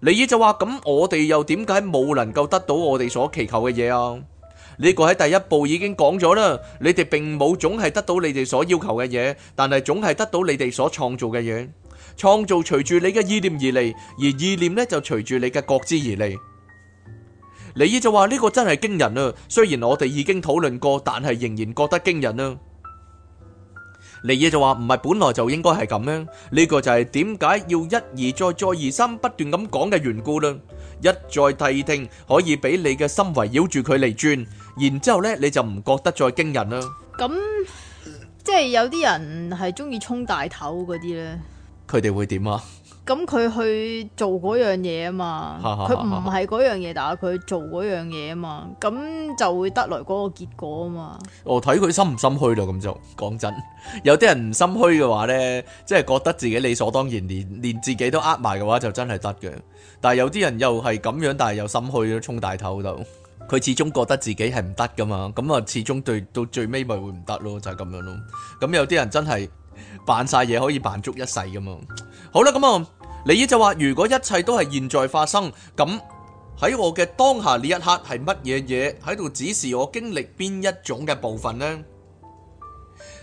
尼耳就話：咁我哋又點解冇能夠得到我哋所祈求嘅嘢啊？呢個喺第一步已經講咗啦，你哋並冇總係得到你哋所要求嘅嘢，但係總係得到你哋所創造嘅嘢。創造隨住你嘅意念而嚟，而意念呢就隨住你嘅覺知而嚟。尼爾就話，呢個真係驚人啊！雖然我哋已經討論過，但係仍然覺得驚人啊！尼爾就話，唔係本來就應該係咁樣？呢個就係點解要一而再再而三不斷咁講嘅緣故啦。一再諦聽，可以俾你嘅心圍繞住佢嚟轉，然之後咧你就唔覺得再驚人啦。咁即係有啲人係中意衝大頭嗰啲咧，佢哋會點啊？咁佢去做嗰樣嘢啊嘛，佢唔係嗰樣嘢，但係佢做嗰樣嘢啊嘛，咁就會得來嗰個結果啊嘛。哦，睇佢心唔心虛啦。咁就講真，有啲人唔心虛嘅話咧，即係覺得自己理所當然，連連自己都呃埋嘅話，就真係得嘅。但係有啲人又係咁樣，但係又心虛咯，衝大頭就，佢始終覺得自己係唔得噶嘛，咁啊始終對到最尾咪會唔得咯，就係、是、咁樣咯。咁有啲人真係扮晒嘢可以扮足一世噶嘛。好啦，咁、嗯、啊，李姨就話，如果一切都係現在發生，咁喺我嘅當下呢一刻係乜嘢嘢喺度指示我經歷邊一種嘅部分呢？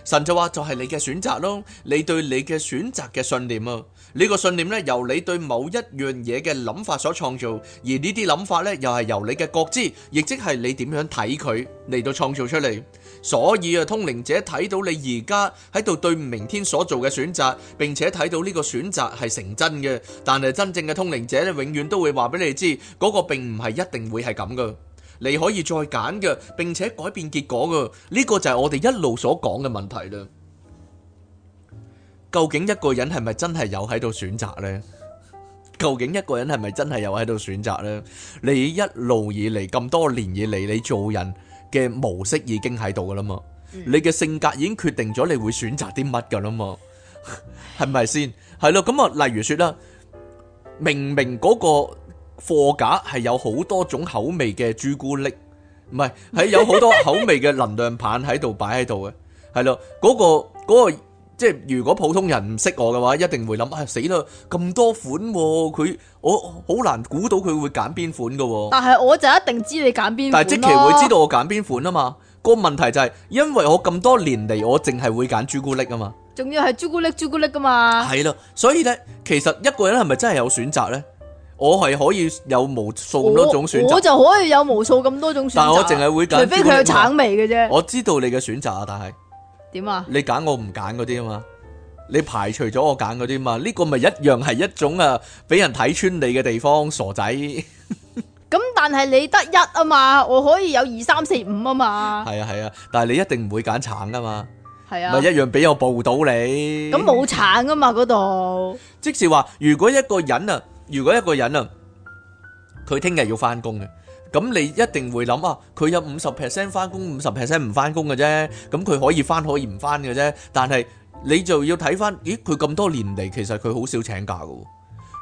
神就話就係你嘅選擇咯，你對你嘅選擇嘅信念啊。呢個信念咧，由你對某一樣嘢嘅諗法所創造，而呢啲諗法咧，又係由你嘅覺知，亦即係你點樣睇佢嚟，到創造出嚟。所以啊，通靈者睇到你而家喺度對明天所做嘅選擇，並且睇到呢個選擇係成真嘅。但係真正嘅通靈者咧，永遠都會話俾你知，嗰個並唔係一定會係咁嘅，你可以再揀嘅，並且改變結果嘅。呢個就係我哋一路所講嘅問題啦。究竟一個人係咪真係有喺度選擇呢？究竟一個人係咪真係有喺度選擇呢？你一路以嚟，咁多年以嚟，你做人嘅模式已經喺度噶啦嘛？你嘅性格已經決定咗你會選擇啲乜噶啦嘛？係咪先？係咯，咁啊，例如說啦，明明嗰個貨架係有好多種口味嘅朱古力，唔係，係有好多口味嘅能量棒喺度擺喺度嘅，係咯，嗰個嗰個。即係如果普通人唔識我嘅話，一定會諗啊、哎、死啦！咁多款、啊，佢我好難估到佢會揀邊款嘅、啊。但係我就一定知你揀邊款、啊、但係即期會知道我揀邊款啊嘛？個問題就係、是、因為我咁多年嚟，我淨係會揀、啊、朱,朱古力啊嘛。仲要係朱古力朱古力噶嘛？係咯，所以咧，其實一個人係咪真係有選擇咧？我係可以有無數咁多種選擇，我就可以有無數咁多種選擇。但係我淨係會揀除非佢有橙味嘅啫。我知道你嘅選擇啊，但係。點啊！你揀我唔揀嗰啲啊嘛，你排除咗我揀嗰啲啊嘛，呢、這個咪一樣係一種啊俾人睇穿你嘅地方，傻仔。咁 但係你得一啊嘛，我可以有二三四五啊嘛。係啊係啊，但係你一定唔會揀橙噶、啊、嘛。係啊，咪一樣俾我報到你。咁冇橙噶嘛嗰度。即是話，如果一個人啊，如果一個人啊，佢聽日要翻工嘅。咁你一定會諗啊，佢有五十 percent 翻工，五十 percent 唔翻工嘅啫。咁佢可以翻可以唔翻嘅啫。但係你就要睇翻，咦？佢咁多年嚟，其實佢好少請假嘅喎。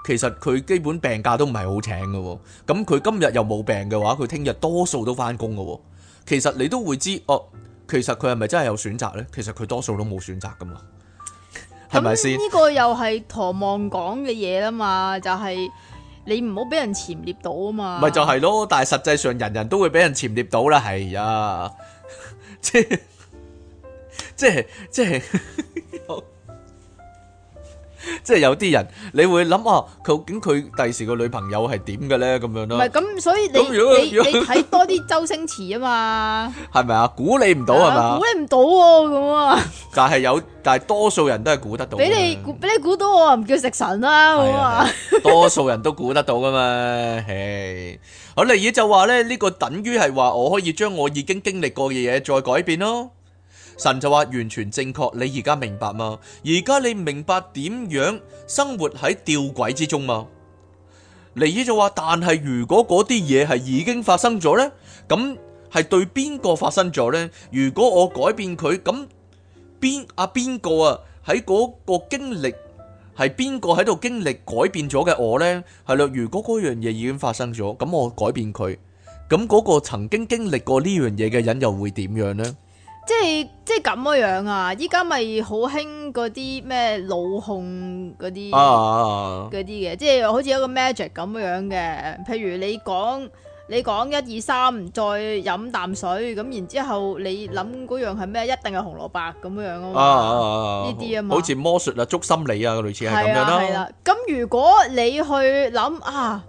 其實佢基本病假都唔係好請嘅喎。咁佢今日又冇病嘅話，佢聽日多數都翻工嘅喎。其實你都會知哦、啊。其實佢係咪真係有選擇呢？其實佢多數都冇選擇噶嘛。係咪先？呢吧個又係唐望講嘅嘢啦嘛，就係、是。你唔好俾人潛獵到啊嘛！咪就係咯，但係實際上人人都會俾人潛獵到啦，係啊！即係即係即係。即係有啲人，你會諗啊，究竟佢第時個女朋友係點嘅咧？咁樣咯。唔係咁，所以你、啊、你你睇多啲周星馳啊嘛。係咪啊？估你唔到係咪？估你唔到喎，咁啊。啊但係有，但係多數人都係估得到。俾你估，俾你估到我唔叫食神啦、啊，咁啊，啊。多數人都估得到噶嘛、啊，唉、 啊。例如就話咧，呢、這個等於係話我可以將我已經經歷過嘅嘢再改變咯。神就話，完全正確，你而家明白嗎？而家你明白點樣生活喺吊詭之中嗎？尼爾就話，但係如果嗰啲嘢係已經發生咗呢，咁係對邊個發生咗呢？如果我改變佢，咁邊啊邊個啊喺嗰個經歷係邊個喺度經歷改變咗嘅我呢？係咯，如果嗰樣嘢已經發生咗，咁我改變佢，咁嗰個曾經經歷過呢樣嘢嘅人又會點樣呢？」即係即係咁樣樣啊！依家咪好興嗰啲咩腦控嗰啲嗰啲嘅，即係好似一個 magic 咁樣嘅。譬如你講你講一二三，再飲啖水，咁然之後你諗嗰樣係咩？一定係紅蘿蔔咁樣樣啊！呢啲啊嘛，好似魔術啊，捉心理啊，類似係咁樣啦。係啦、啊，咁、啊啊，如果你去諗啊，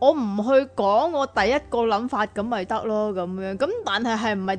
我唔去講我第一個諗法，咁咪得咯，咁樣咁，但係係唔係？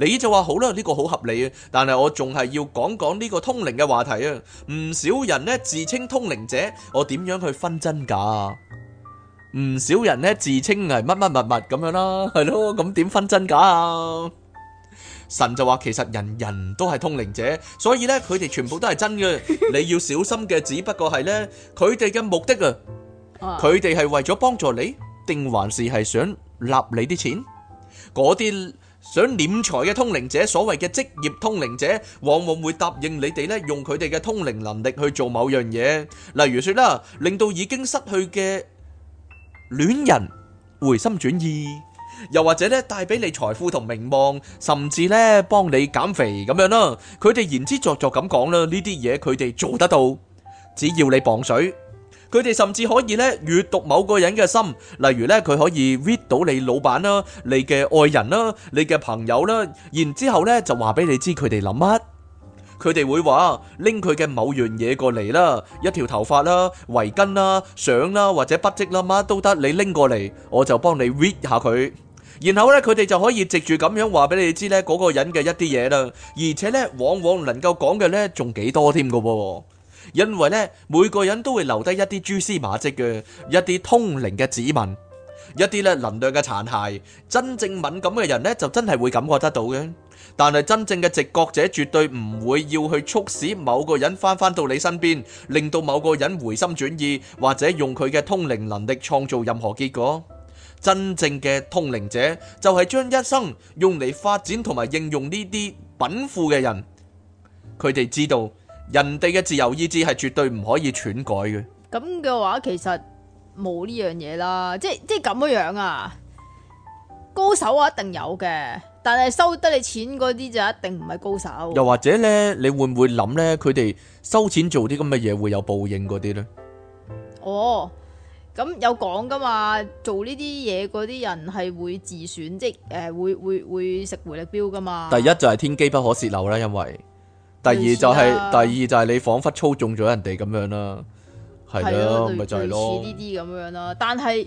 你就話好啦，呢個好合理啊！但係我仲係要講講呢個通靈嘅話題啊！唔少人呢自稱通靈者，我點樣去分真假啊？唔少人呢自稱係乜乜物物咁樣啦，係咯？咁點分真假啊？神就話其實人人都係通靈者，所以呢佢哋全部都係真嘅。你要小心嘅，只不過係呢佢哋嘅目的啊！佢哋係為咗幫助你，定還是係想立你啲錢？嗰啲。想斂財嘅通靈者，所謂嘅職業通靈者，往往會答應你哋咧，用佢哋嘅通靈能力去做某樣嘢，例如說啦，令到已經失去嘅戀人回心轉意，又或者咧，帶俾你財富同名望，甚至咧，幫你減肥咁樣啦。佢哋言之鑿鑿咁講啦，呢啲嘢，佢哋做得到，只要你磅水。佢哋甚至可以咧閱讀某個人嘅心，例如咧佢可以 read 到你老闆啦、你嘅愛人啦、你嘅朋友啦，然之後咧就話俾你知佢哋諗乜。佢哋會話拎佢嘅某樣嘢過嚟啦，一條頭髮啦、圍巾啦、相啦或者筆跡啦乜都得，你拎過嚟我就幫你 read 下佢。然後咧佢哋就可以藉住咁樣話俾你知咧嗰個人嘅一啲嘢啦，而且咧往往能夠講嘅咧仲幾多添㗎喎。因為咧，每個人都會留低一啲蛛絲馬跡嘅，一啲通靈嘅指紋，一啲咧能量嘅殘骸。真正敏感嘅人咧，就真係會感覺得到嘅。但係真正嘅直覺者絕對唔會要去促使某個人返返到你身邊，令到某個人回心轉意，或者用佢嘅通靈能力創造任何結果。真正嘅通靈者就係將一生用嚟發展同埋應用呢啲稟賦嘅人，佢哋知道。人哋嘅自由意志係絕對唔可以篡改嘅。咁嘅話，其實冇呢樣嘢啦，即係即係咁樣啊。高手啊，一定有嘅，但係收得你錢嗰啲就一定唔係高手。又或者呢，你會唔會諗呢？佢哋收錢做啲咁嘅嘢會有報應嗰啲呢？哦，咁有講噶嘛？做呢啲嘢嗰啲人係會自損，即係誒、呃、會會會食回力鏢噶嘛？第一就係天機不可泄漏啦，因為。第二就係、是、第二就係你仿佛操縱咗人哋咁樣啦，係啦、啊，咪、啊、就係咯。似呢啲咁樣啦，但係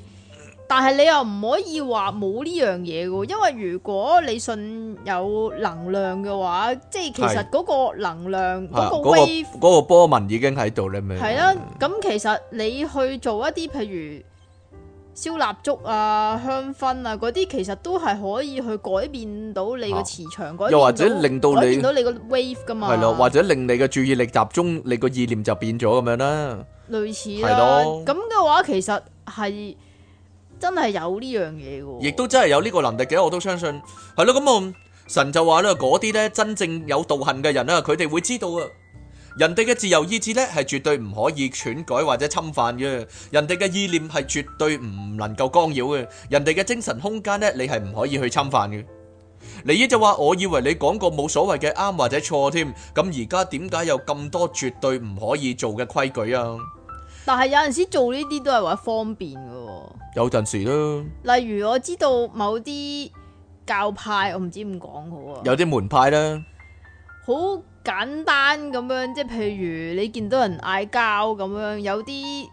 但係你又唔可以話冇呢樣嘢嘅，因為如果你信有能量嘅話，即係其實嗰個能量嗰、啊那個個，wave, 個波紋已經喺度你咪？係啦、啊，咁、嗯、其實你去做一啲譬如。燒蠟燭啊、香薰啊，嗰啲其實都係可以去改變到你個磁場，嗰啲又或者令到你改變到你個 wave 噶嘛，係咯，或者令你嘅注意力集中，你個意念就變咗咁樣啦，類似啦，咁嘅話其實係真係有呢樣嘢噶，亦都真係有呢個能力嘅，我都相信係咯。咁啊，神就話咧，嗰啲咧真正有道行嘅人啦，佢哋會知道啊。人哋嘅自由意志咧，係絕對唔可以篡改或者侵犯嘅。人哋嘅意念係絕對唔能夠干擾嘅。人哋嘅精神空間咧，你係唔可以去侵犯嘅。李姨就話，我以為你講過冇所謂嘅啱或者錯添。咁而家點解有咁多絕對唔可以做嘅規矩啊？但係有陣時做呢啲都係為咗方便嘅。有陣時啦。例如我知道某啲教派，我唔知點講好啊。有啲門派啦。好。簡單咁樣，即係譬如你見到人嗌交咁樣，有啲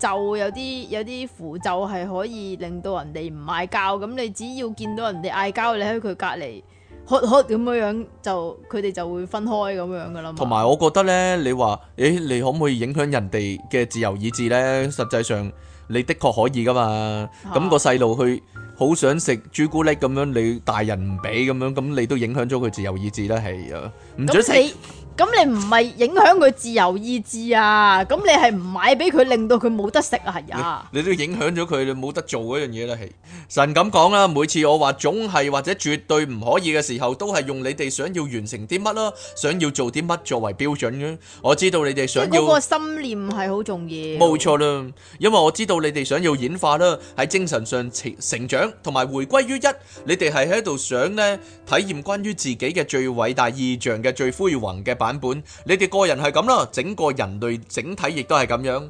咒，有啲有啲符咒係可以令到人哋唔嗌交。咁你只要見到人哋嗌交，你喺佢隔離，噏噏咁樣樣，就佢哋就會分開咁樣噶啦。同埋我覺得呢，你話，誒、欸、你可唔可以影響人哋嘅自由意志呢？實際上你的確可以噶嘛。咁、那個細路去好想食朱古力咁樣，你大人唔俾咁樣，咁你都影響咗佢自由意志啦，係啊，唔 准食。 咁你唔係影響佢自由意志啊？咁你係唔買俾佢，令到佢冇得食啊？係啊！你都影響咗佢，你冇得做嗰樣嘢啦。係神咁講啦，每次我話總係或者絕對唔可以嘅時候，都係用你哋想要完成啲乜咯，想要做啲乜作為標準嘅。我知道你哋想要嗰個心念係好重要。冇錯啦，因為我知道你哋想要演化啦，喺精神上成成長同埋回歸於一。你哋係喺度想呢體驗關於自己嘅最偉大意象嘅最輝煌嘅品版本，你哋個人係咁啦，整個人類整體亦都係咁樣，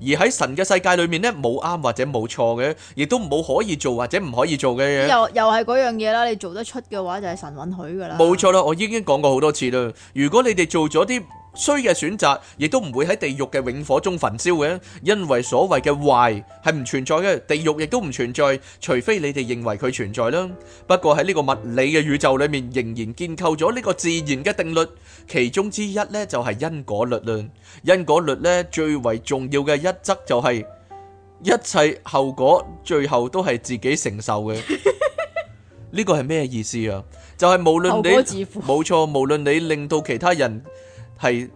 而喺神嘅世界裏面呢，冇啱或者冇錯嘅，亦都冇可以做或者唔可以做嘅嘢。又又係嗰樣嘢啦，你做得出嘅話就係神允許噶啦。冇錯啦，我已經講過好多次啦。如果你哋做咗啲衰嘅選擇亦都唔會喺地獄嘅永火中焚燒嘅，因為所謂嘅壞係唔存在嘅，地獄亦都唔存在，除非你哋認為佢存在啦。不過喺呢個物理嘅宇宙裏面，仍然建構咗呢個自然嘅定律，其中之一呢就係因果律論。因果律呢，最為重要嘅一則就係一切後果最後都係自己承受嘅。呢個係咩意思啊？就係無論你，冇錯，無論你令到其他人。係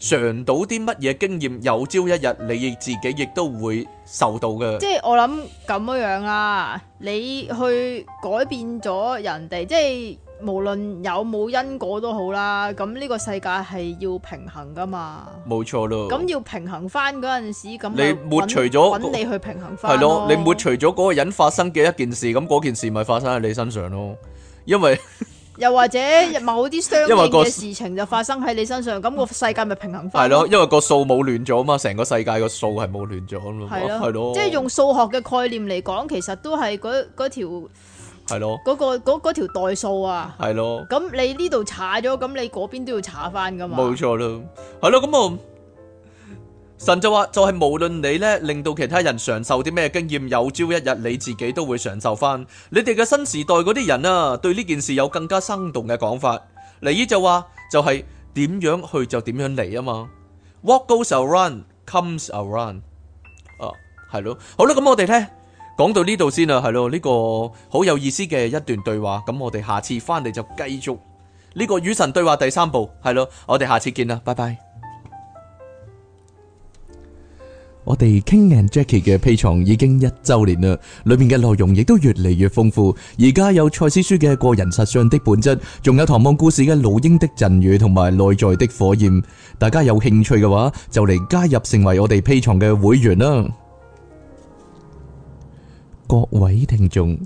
嘗到啲乜嘢經驗，有朝一日你亦自己亦都會受到嘅。即係我諗咁樣樣啦，你去改變咗人哋，即係無論有冇因果都好啦。咁呢個世界係要平衡噶嘛？冇錯咯。咁要平衡翻嗰陣時，咁你抹除咗，揾你去平衡翻。係咯，你抹除咗嗰個人發生嘅一件事，咁嗰件事咪發生喺你身上咯，因為。又或者某啲相應嘅事情就發生喺你身上，咁個世界咪平衡翻？係咯，因為個數冇亂咗啊嘛，成個世界個數係冇亂咗咯，係咯，即係用數學嘅概念嚟講，其實都係嗰嗰條係咯，嗰個嗰條代數啊，係咯，咁你呢度查咗，咁你嗰邊都要查翻噶嘛，冇錯咯，係咯，咁我。神就話，就係、是、無論你咧，令到其他人嘗受啲咩經驗，有朝一日你自己都會嘗受翻。你哋嘅新時代嗰啲人啊，對呢件事有更加生動嘅講法。嚟依就話，就係、是、點樣去就點樣嚟啊嘛。What goes around comes around。啊，係咯，好啦，咁我哋呢講到呢度先啦，係咯，呢、這個好有意思嘅一段對話。咁我哋下次翻嚟就繼續呢、這個與神對話第三部。係咯，我哋下次見啦，拜拜。我哋 King and Jackie 嘅 Patreon 已經一周年啦，裏面嘅內容亦都越嚟越豐富。而家有賽斯書嘅個人實相的本質，仲有《唐望故事》嘅老鷹的贈予，同埋內在的火焰。大家有興趣嘅話，就嚟加入成為我哋 Patreon 嘅會員啦！各位聽眾，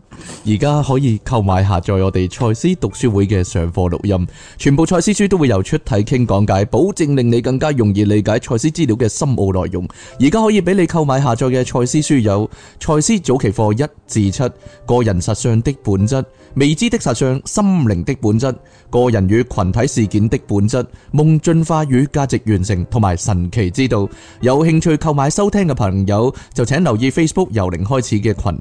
而家可以購買下載我哋賽斯讀書會嘅上課錄音，全部賽斯書都會由出體傾講解，保證令你更加容易理解賽斯資料嘅深奧內容。而家可以俾你購買下載嘅賽斯書有《賽斯早期課一至七》、《個人實相的本質》、《未知的實相》、《心靈的本質》、《個人與群體事件的本質》、《夢進化與價值完成》同埋《神奇之道》。有興趣購買收聽嘅朋友，就請留意 Facebook 由零開始嘅群